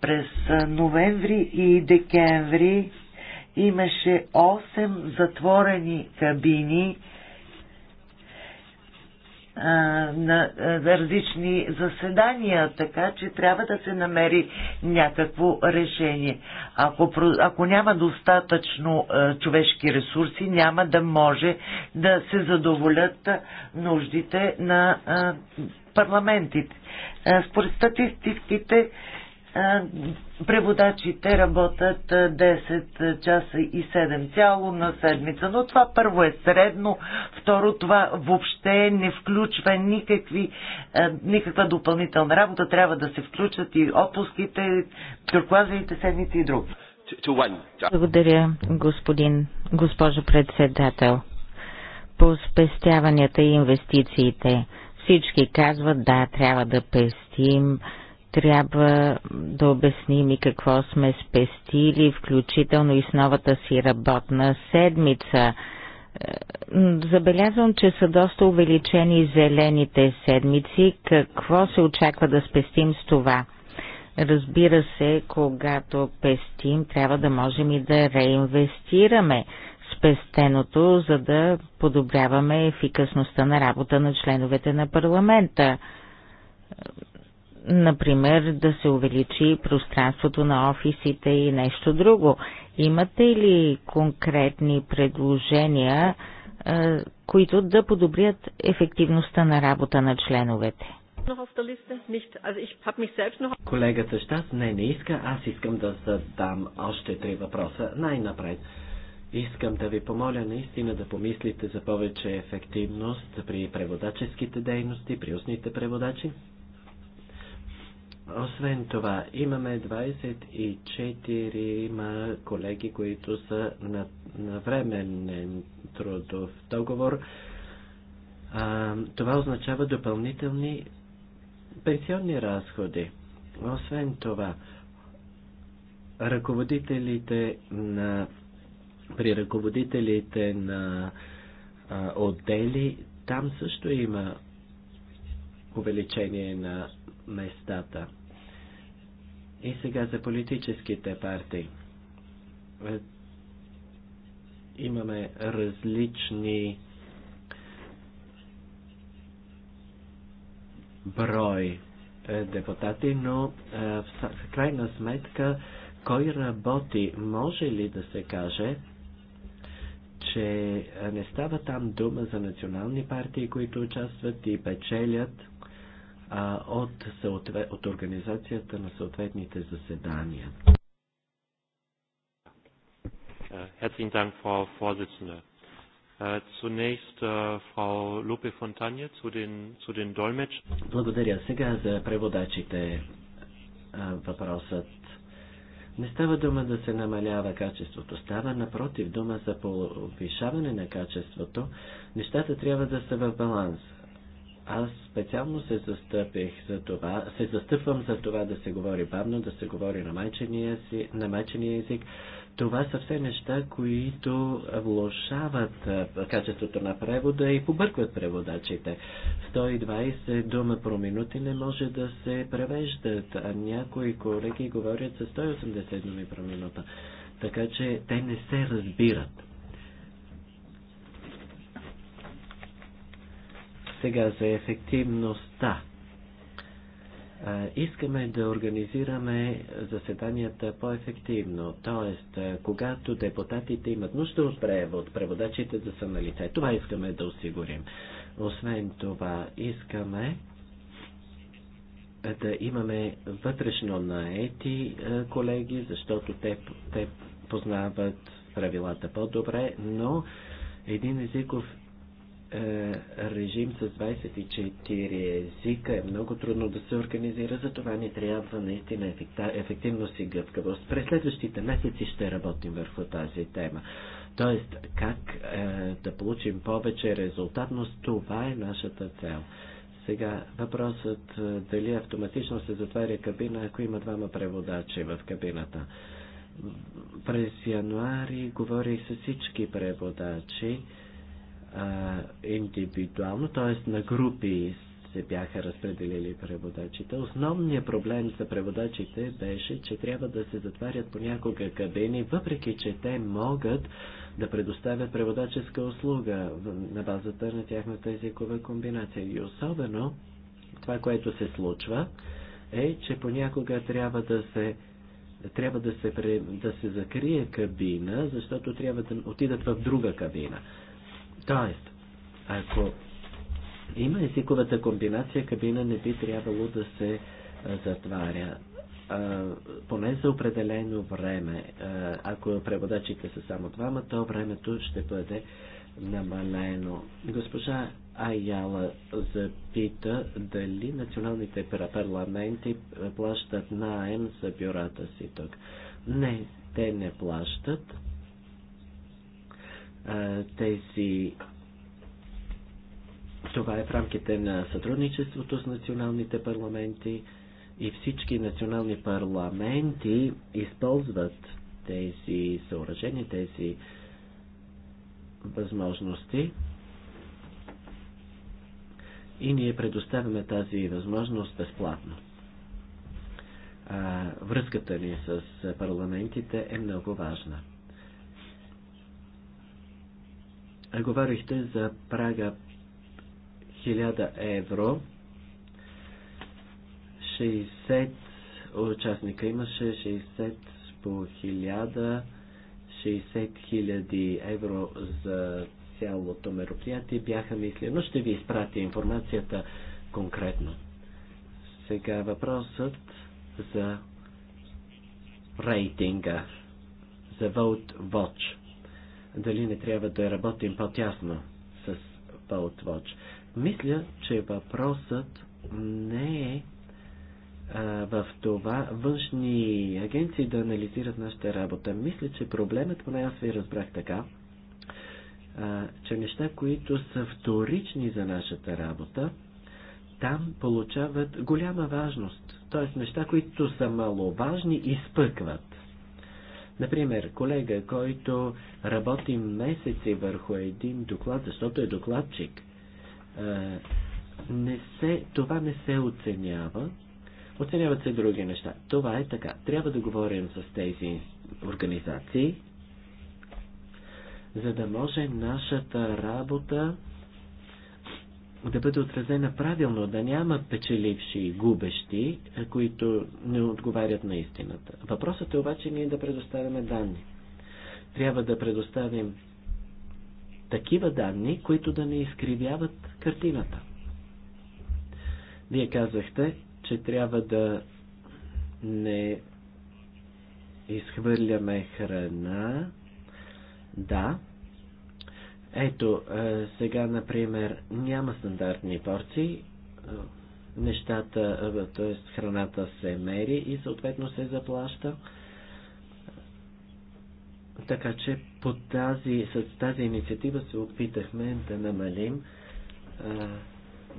През ноември и декември имаше 8 затворени кабини а, на, на различни заседания, така че трябва да се намери някакво решение. Ако, ако няма достатъчно а, човешки ресурси, няма да може да се задоволят нуждите на а, парламентите. Според статистиките преводачите работят 10 часа и 7 цяло на седмица. Но това първо е средно, второ това въобще не включва никакви, никаква допълнителна работа. Трябва да се включат и отпуските, турклазовите седмици и други. Благодаря, господин, госпожо председател. По спестяванията и инвестициите всички казват да, трябва да пестим, трябва да обясним и какво сме спестили, включително и с новата си работна седмица. Е, забелязвам, че са доста увеличени зелените седмици. Какво се очаква да спестим с това? Разбира се, когато пестим, трябва да можем и да реинвестираме спестеното, за да подобряваме ефикасността на работа на членовете на парламента например, да се увеличи пространството на офисите и нещо друго. Имате ли конкретни предложения, които да подобрят ефективността на работа на членовете? Колегата Штат не, не иска. Аз искам да задам още три въпроса. Най-напред. Искам да ви помоля наистина да помислите за повече ефективност при преводаческите дейности, при устните преводачи. Освен това, имаме 24 колеги, които са на, на временен трудов договор. А, това означава допълнителни пенсионни разходи. Освен това, ръководителите на, при ръководителите на а, отдели, там също има увеличение на местата. И сега за политическите партии. Е, имаме различни брой е, депутати, но е, в крайна сметка кой работи, може ли да се каже, че не става там дума за национални партии, които участват и печелят а, от, от организацията на съответните заседания. Е, herzlichen Dank, Frau Vorsitzende. Е, zunächst äh, Frau Lupe Fontagne zu den, zu den Dolmetsch. Благодаря. Сега за преводачите е, въпросът. Не става дума да се намалява качеството, става напротив дума за повишаване на качеството. Нещата трябва да са в баланс. Аз специално се застъпих за това, се застъпвам за това да се говори бавно, да се говори на майчения, си, на майчения език. Това са все неща, които влошават качеството на превода и побъркват преводачите. 120 дума про минути не може да се превеждат, а някои колеги говорят с 180 думи про минута. Така че те не се разбират. Сега за ефективността. Искаме да организираме заседанията по-ефективно, т.е. когато депутатите имат нужда от превод, преводачите да са на лице. Това искаме да осигурим. Освен това, искаме да имаме вътрешно наети колеги, защото те, те познават правилата по-добре, но един езиков е, режим с 24 езика е много трудно да се организира, за това ни трябва наистина ефективност и гъвкавост. През следващите месеци ще работим върху тази тема. Тоест, как е, да получим повече резултатност, това е нашата цел. Сега въпросът е, дали автоматично се затваря кабина, ако има двама преводачи в кабината. През януари говорих с всички преводачи индивидуално, т.е. на групи се бяха разпределили преводачите. Основният проблем за преводачите беше, че трябва да се затварят понякога кабини, въпреки че те могат да предоставят преводаческа услуга на базата на тяхната езикова комбинация. И особено това, което се случва, е, че понякога трябва да се трябва да се, да се закрие кабина, защото трябва да отидат в друга кабина. Тоест, ако има езиковата комбинация, кабина не би трябвало да се е, затваря. А, е, поне за определено време. А, е, ако преводачите са само двама, то времето ще бъде намалено. Госпожа Аяла запита дали националните парламенти плащат наем за бюрата си тук. Не, те не плащат тези това е в рамките на сътрудничеството с националните парламенти и всички национални парламенти използват тези съоръжения, тези възможности. И ние предоставяме тази възможност безплатно. А, връзката ни с парламентите е много важна. Говорихте за прага 1000 евро. 60 участника имаше, 60 по 1000, 60 000 евро за цялото мероприятие бяха мисли, но ще ви изпратя информацията конкретно. Сега въпросът за рейтинга, за Vote Watch дали не трябва да работим по-тясно с Boat Watch. Мисля, че въпросът не е в това външни агенции да анализират нашата работа. Мисля, че проблемът, поне аз ви разбрах така, а, че неща, които са вторични за нашата работа, там получават голяма важност. Тоест неща, които са маловажни, изпъкват. Например, колега, който работи месеци върху един доклад, защото е докладчик, не се, това не се оценява. Оценяват се други неща. Това е така. Трябва да говорим с тези организации, за да може нашата работа да бъде отразена правилно, да няма печеливши и губещи, които не отговарят на истината. Въпросът е обаче ние да предоставяме данни. Трябва да предоставим такива данни, които да не изкривяват картината. Вие казахте, че трябва да не изхвърляме храна. Да, ето, сега, например, няма стандартни порции, нещата, т.е. храната се мери и съответно се заплаща. Така че по тази, с тази инициатива се опитахме да намалим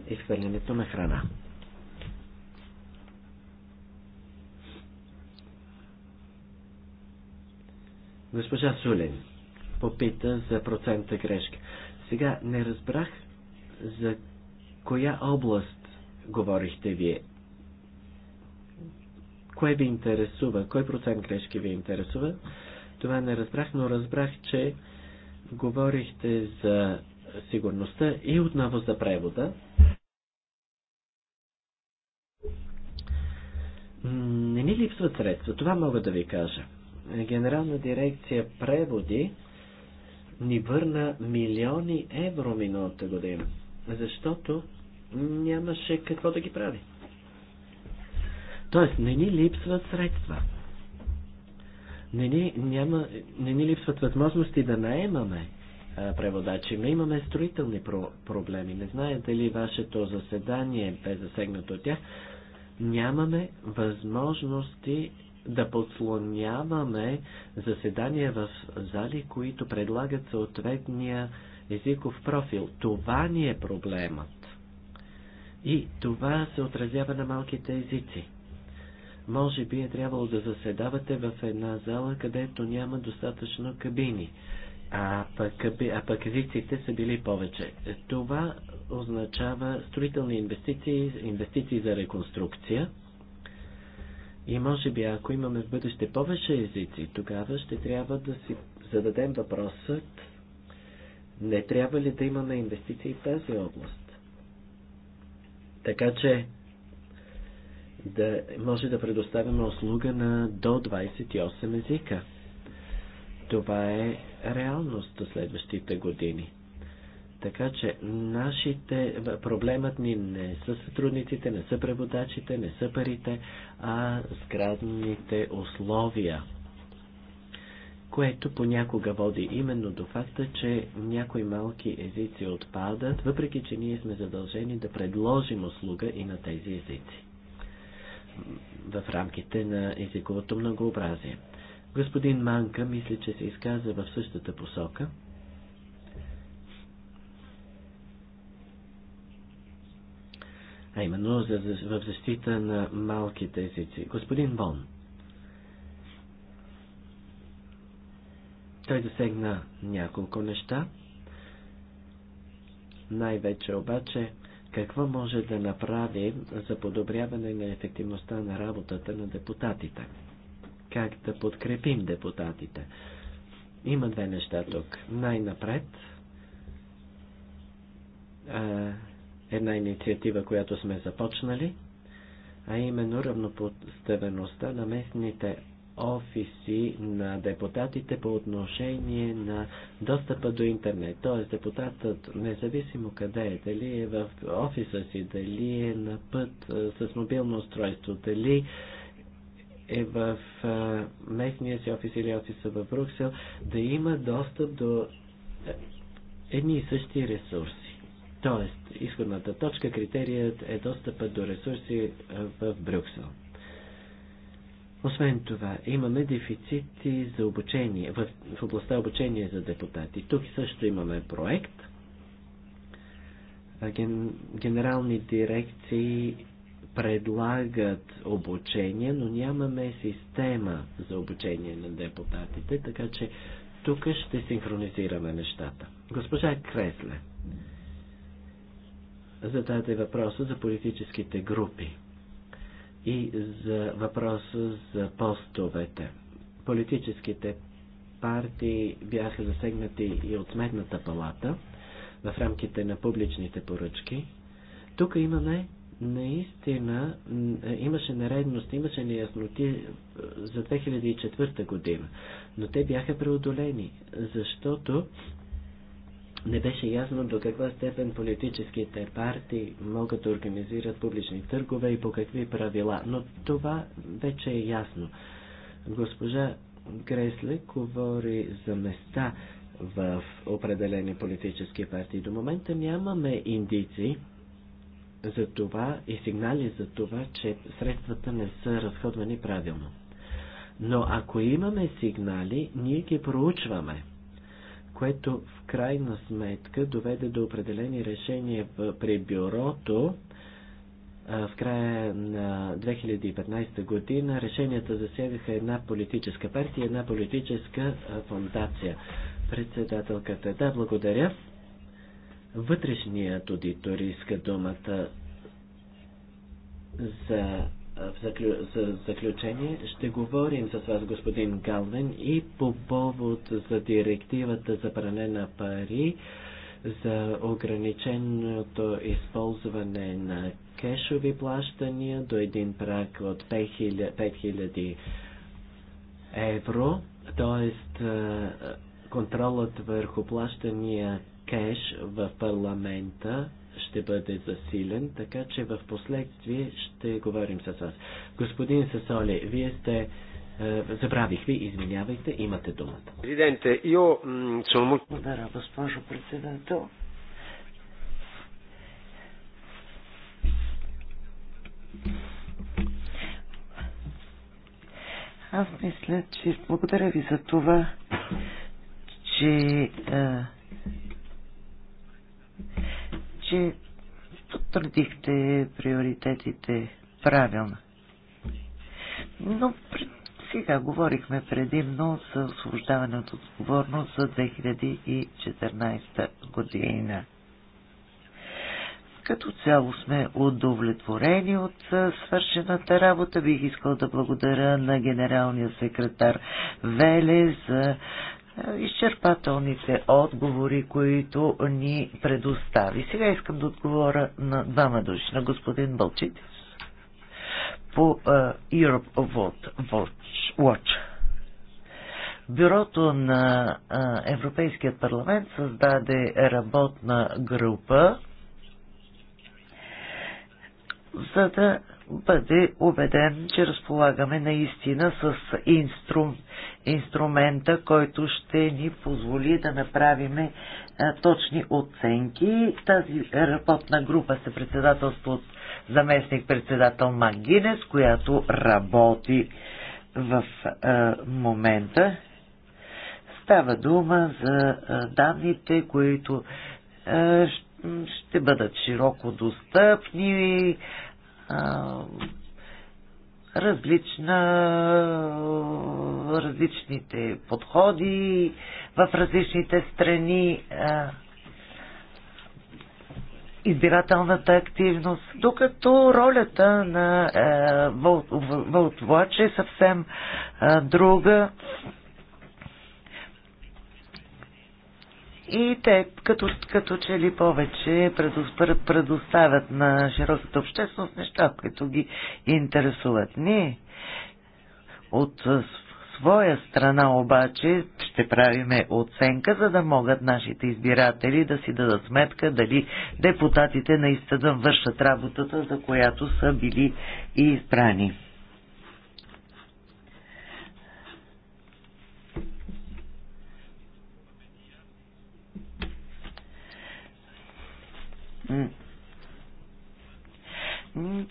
изхвърлянето на храна. Госпожа Сулин попита за процента грешка. Сега не разбрах за коя област говорихте вие. Кое ви интересува? Кой процент грешки ви интересува? Това не разбрах, но разбрах, че говорихте за сигурността и отново за превода. Не ни липсват средства, това мога да ви кажа. Генерална дирекция преводи ни върна милиони евро миналата година, защото нямаше какво да ги прави. Тоест, не ни липсват средства. Не ни, няма, не ни липсват възможности да наемаме а, преводачи. Ми имаме строителни про- проблеми. Не зная дали вашето заседание бе засегнато от тях. Нямаме възможности да подслоняваме заседания в зали, които предлагат съответния езиков профил. Това ни е проблемът. И това се отразява на малките езици. Може би е трябвало да заседавате в една зала, където няма достатъчно кабини, а пък, а пък езиците са били повече. Това означава строителни инвестиции, инвестиции за реконструкция – и може би, ако имаме в бъдеще повече езици, тогава ще трябва да си зададем въпросът, не трябва ли да имаме инвестиции в тази област. Така че, да може да предоставяме услуга на до 28 езика. Това е реалност до следващите години. Така че нашите, проблемът ни не са сътрудниците, не са преводачите, не са парите, а сградните условия, което понякога води именно до факта, че някои малки езици отпадат, въпреки че ние сме задължени да предложим услуга и на тези езици в рамките на езиковото многообразие. Господин Манка мисля, че се изказа в същата посока – а именно за, в защита на малките езици. Господин Бон, той засегна няколко неща, най-вече обаче какво може да направи за подобряване на ефективността на работата на депутатите. Как да подкрепим депутатите. Има две неща тук. Най-напред една инициатива, която сме започнали, а именно равнопоставеността на местните офиси на депутатите по отношение на достъпа до интернет. Т.е. депутатът, независимо къде е, дали е в офиса си, дали е на път с мобилно устройство, дали е в местния си офис или офиса в Бруксел, да има достъп до едни и същи ресурси. Тоест, изходната точка, критерият е достъпът до ресурси е, в Брюксел. Освен това, имаме дефицити за обучение, в, в областта обучение за депутати. Тук също имаме проект. Ген, генерални дирекции предлагат обучение, но нямаме система за обучение на депутатите, така че тук ще синхронизираме нещата. Госпожа Кресле зададе въпроса за политическите групи и за въпроса за постовете. Политическите партии бяха засегнати и от сметната палата в рамките на публичните поръчки. Тук имаме наистина, имаше наредност, имаше неясноти е, за 2004 година, но те бяха преодолени, защото не беше ясно до каква степен политическите партии могат да организират публични търгове и по какви правила, но това вече е ясно. Госпожа Гресли говори за места в определени политически партии. До момента нямаме индици за това и сигнали за това, че средствата не са разходвани правилно. Но ако имаме сигнали, ние ги проучваме което в крайна сметка доведе до определени решения при бюрото в края на 2015 година. Решенията засягаха една политическа партия, една политическа фундация. Председателката, да, благодаря. Вътрешният аудитор иска думата за в заклю... заключение ще говорим с вас, господин Галвен, и по повод за директивата за пране на пари, за ограниченото използване на кешови плащания до един прак от 5000, 5000 евро, т.е. контролът върху плащания кеш в парламента ще бъде засилен, така че в последствие ще говорим с вас. Господин Сасоли, вие сте е, Забравих ви, извинявайте, имате думата. Президенте, io sono Благодаря, госпожо председател. Аз мисля, че благодаря ви за това, че а, е, че потвърдихте приоритетите правилно. Но сега говорихме предимно за освобождаване от отговорност за 2014 година. Като цяло сме удовлетворени от свършената работа. Бих искал да благодаря на генералния секретар Веле за изчерпателните отговори, които ни предостави. Сега искам да отговоря на двама души, на господин Балчитис по Europe Watch. Watch. Бюрото на Европейският парламент създаде работна група, за да бъде убеден, че разполагаме наистина с инстру, инструмента, който ще ни позволи да направиме точни оценки. Тази работна група се председателства от заместник-председател Магинес, която работи в а, е, момента. Става дума за а, е, данните, които а, е, ще бъдат широко достъпни, различна различните подходи в различните страни избирателната активност, докато ролята на вълтвач е съвсем друга И те като, като че ли повече предоставят на широката общественост неща, които ги интересуват. Ние от своя страна обаче ще правиме оценка, за да могат нашите избиратели да си дадат сметка дали депутатите наистина вършат работата, за която са били избрани.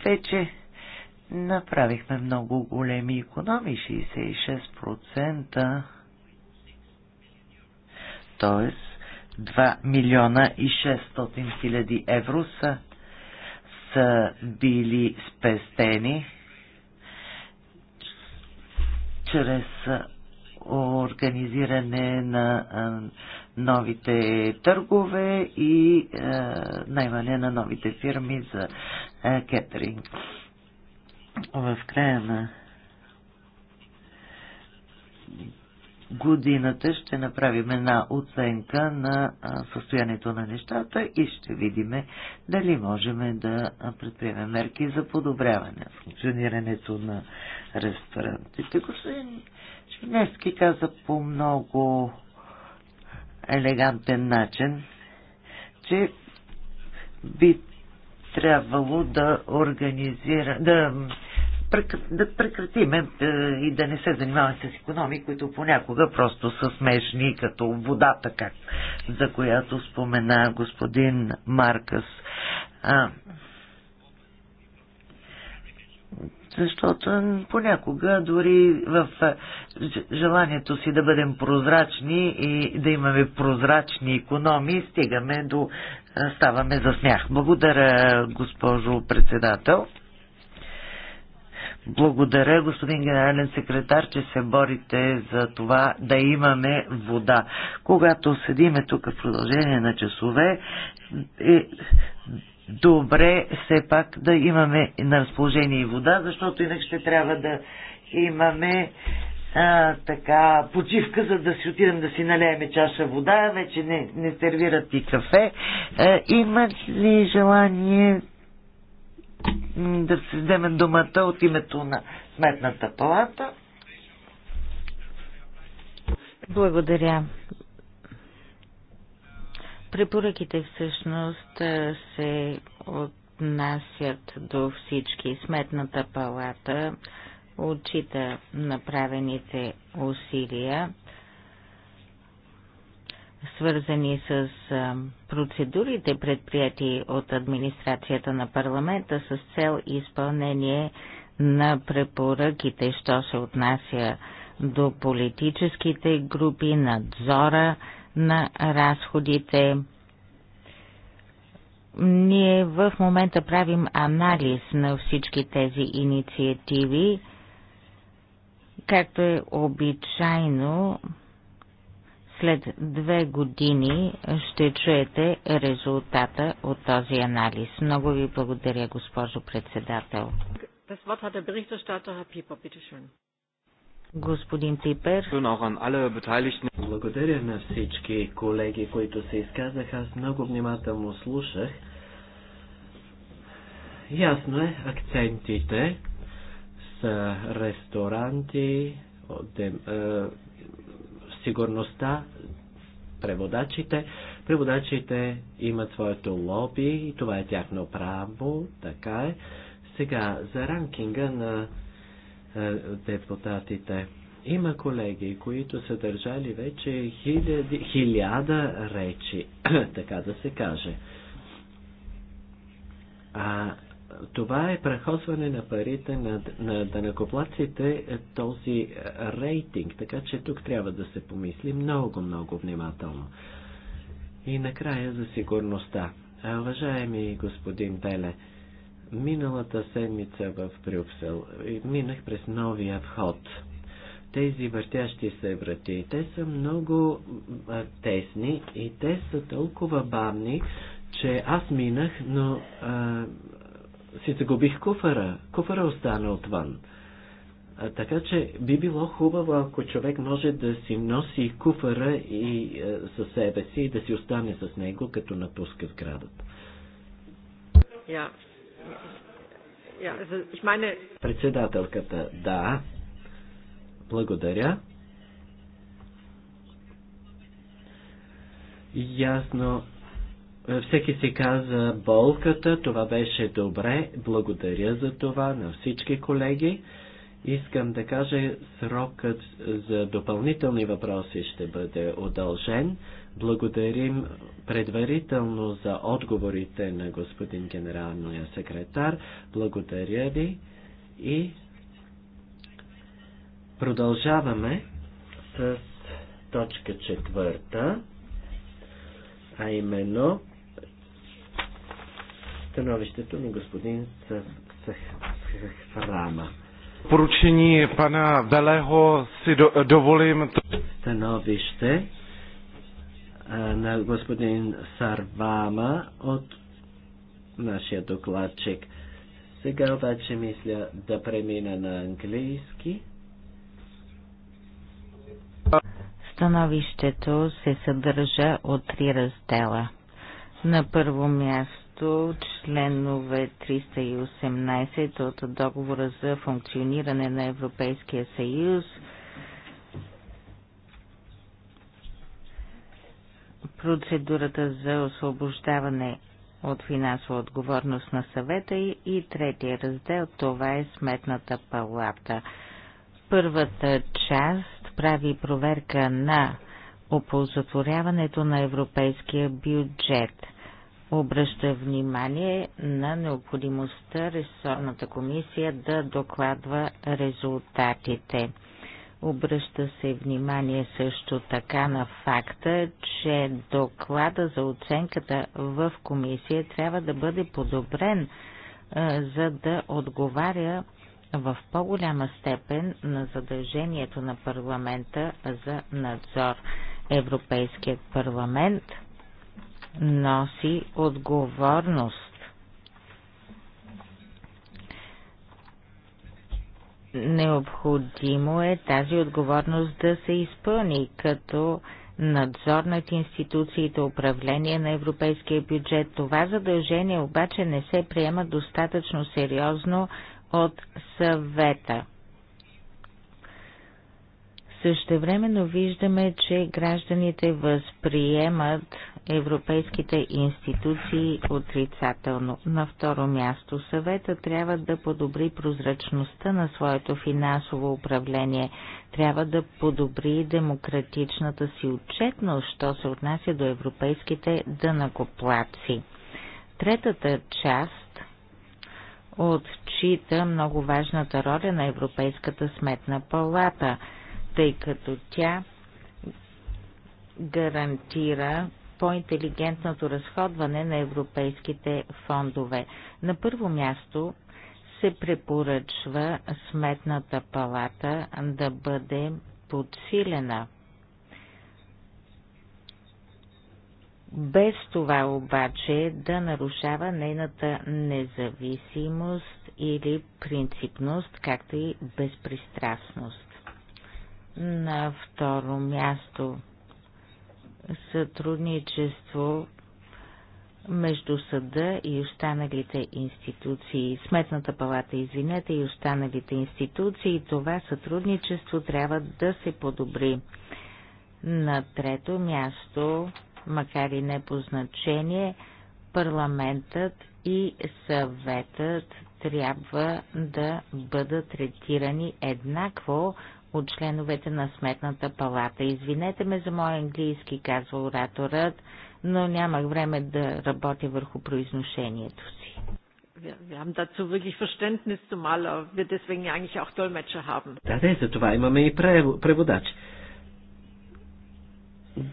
Вече направихме много големи економи, 66%, т.е. 2 милиона и 600 хиляди евро са, са били спестени чрез организиране на новите търгове и е, наймане на новите фирми за е, кетеринг. В края на годината ще направим една оценка на е, състоянието на нещата и ще видим дали можем да предприемем мерки за подобряване на функционирането на ресторантите. Господин Шиневски каза по много елегантен начин, че би трябвало да организира, да, да прекратиме е, и да не се занимаваме с економии, които понякога просто са смешни, като водата, как, за която спомена господин Маркъс. А, защото понякога дори в желанието си да бъдем прозрачни и да имаме прозрачни економии, стигаме до, ставаме за смях. Благодаря, госпожо председател. Благодаря, господин генерален секретар, че се борите за това да имаме вода. Когато седиме тук в продължение на часове, е, добре все пак да имаме на разположение и вода, защото иначе ще трябва да имаме а, така почивка, за да си отидем да си налееме чаша вода, вече не, не сервират и кафе. А, имат ли желание да се вземе думата от името на Сметната палата? Благодаря. Препоръките всъщност се отнасят до всички. Сметната палата отчита направените усилия, свързани с процедурите, предприяти от администрацията на парламента с цел изпълнение на препоръките, що се отнася до политическите групи, надзора, на разходите. Ние в момента правим анализ на всички тези инициативи. Както е обичайно, след две години ще чуете резултата от този анализ. Много ви благодаря, госпожо председател. Das Wort hat der Berichterstatter, Herr Pieper, Господин Ципер. Благодаря на всички колеги, които се изказаха. Аз много внимателно слушах. Ясно е, акцентите са ресторанти, е, сигурността, преводачите. Преводачите имат своето лоби и това е тяхно право, така е. Сега, за ранкинга на е, депутатите. Има колеги, които са държали вече хиляди, хиляда речи, така да се каже. А това е прахосване на парите на, на данакоплаците, е, този рейтинг, така че тук трябва да се помисли много, много внимателно. И накрая за сигурността. Уважаеми господин Беле, Миналата седмица в Брюксел минах през новия вход. Тези въртящи се врати, те са много тесни и те са толкова бавни, че аз минах, но а, си загубих куфара. Куфара остана отвън. А, така че би било хубаво, ако човек може да си носи куфара и а, със себе си и да си остане с него, като напуска сградата. Yeah. Председателката, да. Благодаря. Ясно. Всеки си каза болката, това беше добре. Благодаря за това на всички колеги. Искам да кажа, срокът за допълнителни въпроси ще бъде удължен. Благодарим предварително за отговорите на господин генералния секретар. Благодаря ви и продължаваме с точка четвърта, а именно становището на господин Сахрама. Поручение пана Далехо си доволим. Становище на господин Сарвама от нашия докладчик. Сега обаче мисля да премина на английски. Становището се съдържа от три раздела. На първо място членове 318 от договора за функциониране на Европейския съюз – процедурата за освобождаване от финансова отговорност на съвета и, и третия раздел, това е сметната палата. Първата част прави проверка на оползотворяването на европейския бюджет. Обръща внимание на необходимостта ресорната комисия да докладва резултатите. Обръща се внимание също така на факта, че доклада за оценката в комисия трябва да бъде подобрен, за да отговаря в по-голяма степен на задължението на парламента за надзор. Европейският парламент носи отговорност Необходимо е тази отговорност да се изпълни като надзор над институциите, управление на европейския бюджет. Това задължение обаче не се приема достатъчно сериозно от съвета. Същевременно виждаме, че гражданите възприемат европейските институции отрицателно. На второ място, съвета трябва да подобри прозрачността на своето финансово управление, трябва да подобри демократичната си отчетност, що се отнася до европейските дънакоплаци. Третата част отчита много важната роля на Европейската сметна палата, тъй като тя гарантира по-интелигентното разходване на европейските фондове. На първо място се препоръчва сметната палата да бъде подсилена. Без това обаче да нарушава нейната независимост или принципност, както и безпристрастност. На второ място сътрудничество между съда и останалите институции, Сметната палата, извинете, и останалите институции, това сътрудничество трябва да се подобри. На трето място, макар и не по значение, парламентът и съветът трябва да бъдат третирани еднакво от членовете на Сметната палата. Извинете ме за моя английски, казва ораторът, но нямах време да работя върху произношението си. Wir haben dazu wirklich Verständnis, zumal wir deswegen ja eigentlich auch Dolmetscher haben. Да, да, за това имаме и преводач.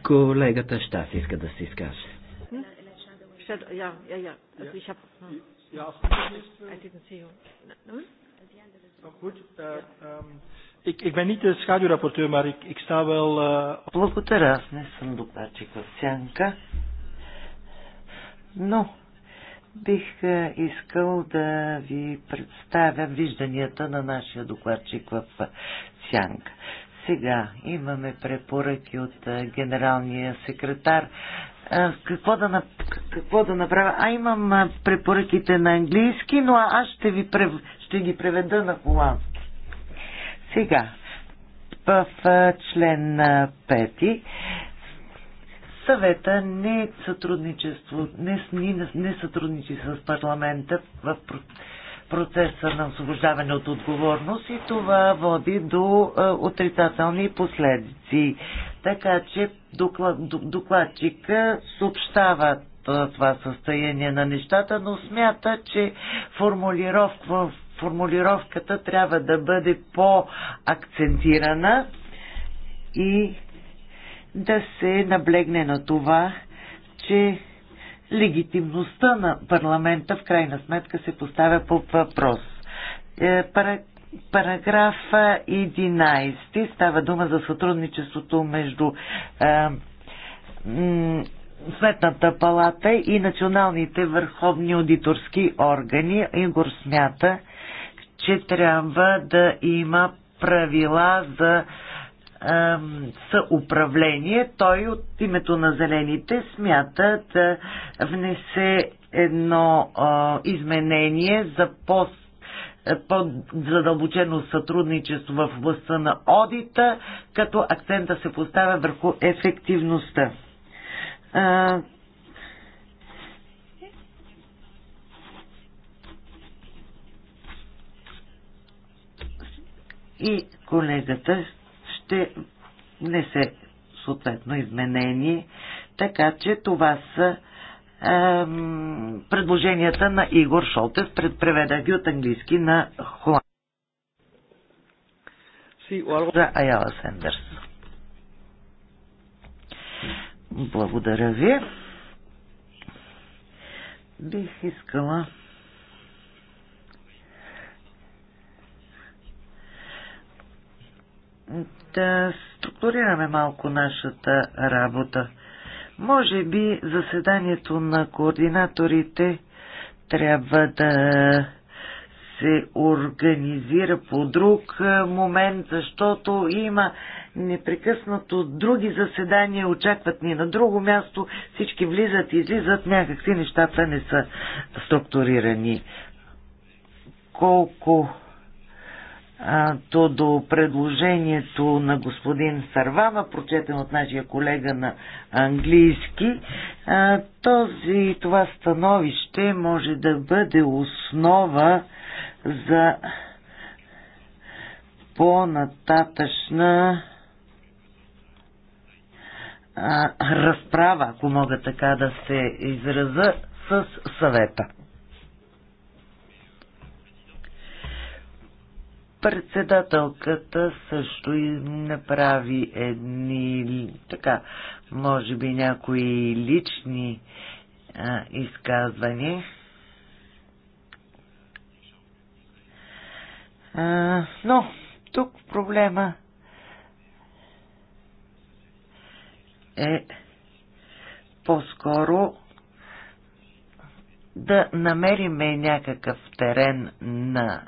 Колегата Штас иска да се изкаже. Ja, ja, ja. Also ich habe... Ja, I didn't see you. Gut, äh, ähm, Ik, ik ben niet de schaduwrapporteur, maar ik, ik sta wel... Uh... Благодаря, аз не съм докладчик в сянка, но бих е, искал да ви представя вижданията на нашия докладчик в е, сянка. Сега имаме препоръки от е, генералния секретар. Какво да, какво да направя? А имам препоръките на английски, но аз ще, ви, ще ги преведа на холандски. Сега, в член 5 съвета не е сътрудничество, не, не, не сътрудничи с парламента в процеса на освобождаване от отговорност и това води до а, отрицателни последици. Така че доклад, докладчика съобщава това състояние на нещата, но смята, че формулировка в формулировката трябва да бъде по-акцентирана и да се наблегне на това, че легитимността на парламента в крайна сметка се поставя по въпрос. Е, параграф 11 става дума за сътрудничеството между е, Сметната палата и националните върховни аудиторски органи. Игор смята, че трябва да има правила за съуправление. Той от името на зелените смята да внесе едно а, изменение за пост по-задълбочено сътрудничество в областта на одита, като акцента се поставя върху ефективността. и колегата ще внесе съответно изменение, така че това са ем, предложенията на Игор Шолтев, Предпреведа ги от английски на Хуан. За Аяла Сендърс. Благодаря ви. Бих искала да структурираме малко нашата работа. Може би заседанието на координаторите трябва да се организира по друг момент, защото има непрекъснато други заседания, очакват ни на друго място, всички влизат и излизат, някакви нещата не са структурирани. Колко то до предложението на господин Сарвама, прочетен от нашия колега на английски, този, това становище може да бъде основа за по-нататъчна разправа, ако мога така да се израза, с съвета. Председателката също и направи едни, така, може би някои лични а, изказвания. А, но тук проблема е по-скоро да намериме някакъв терен на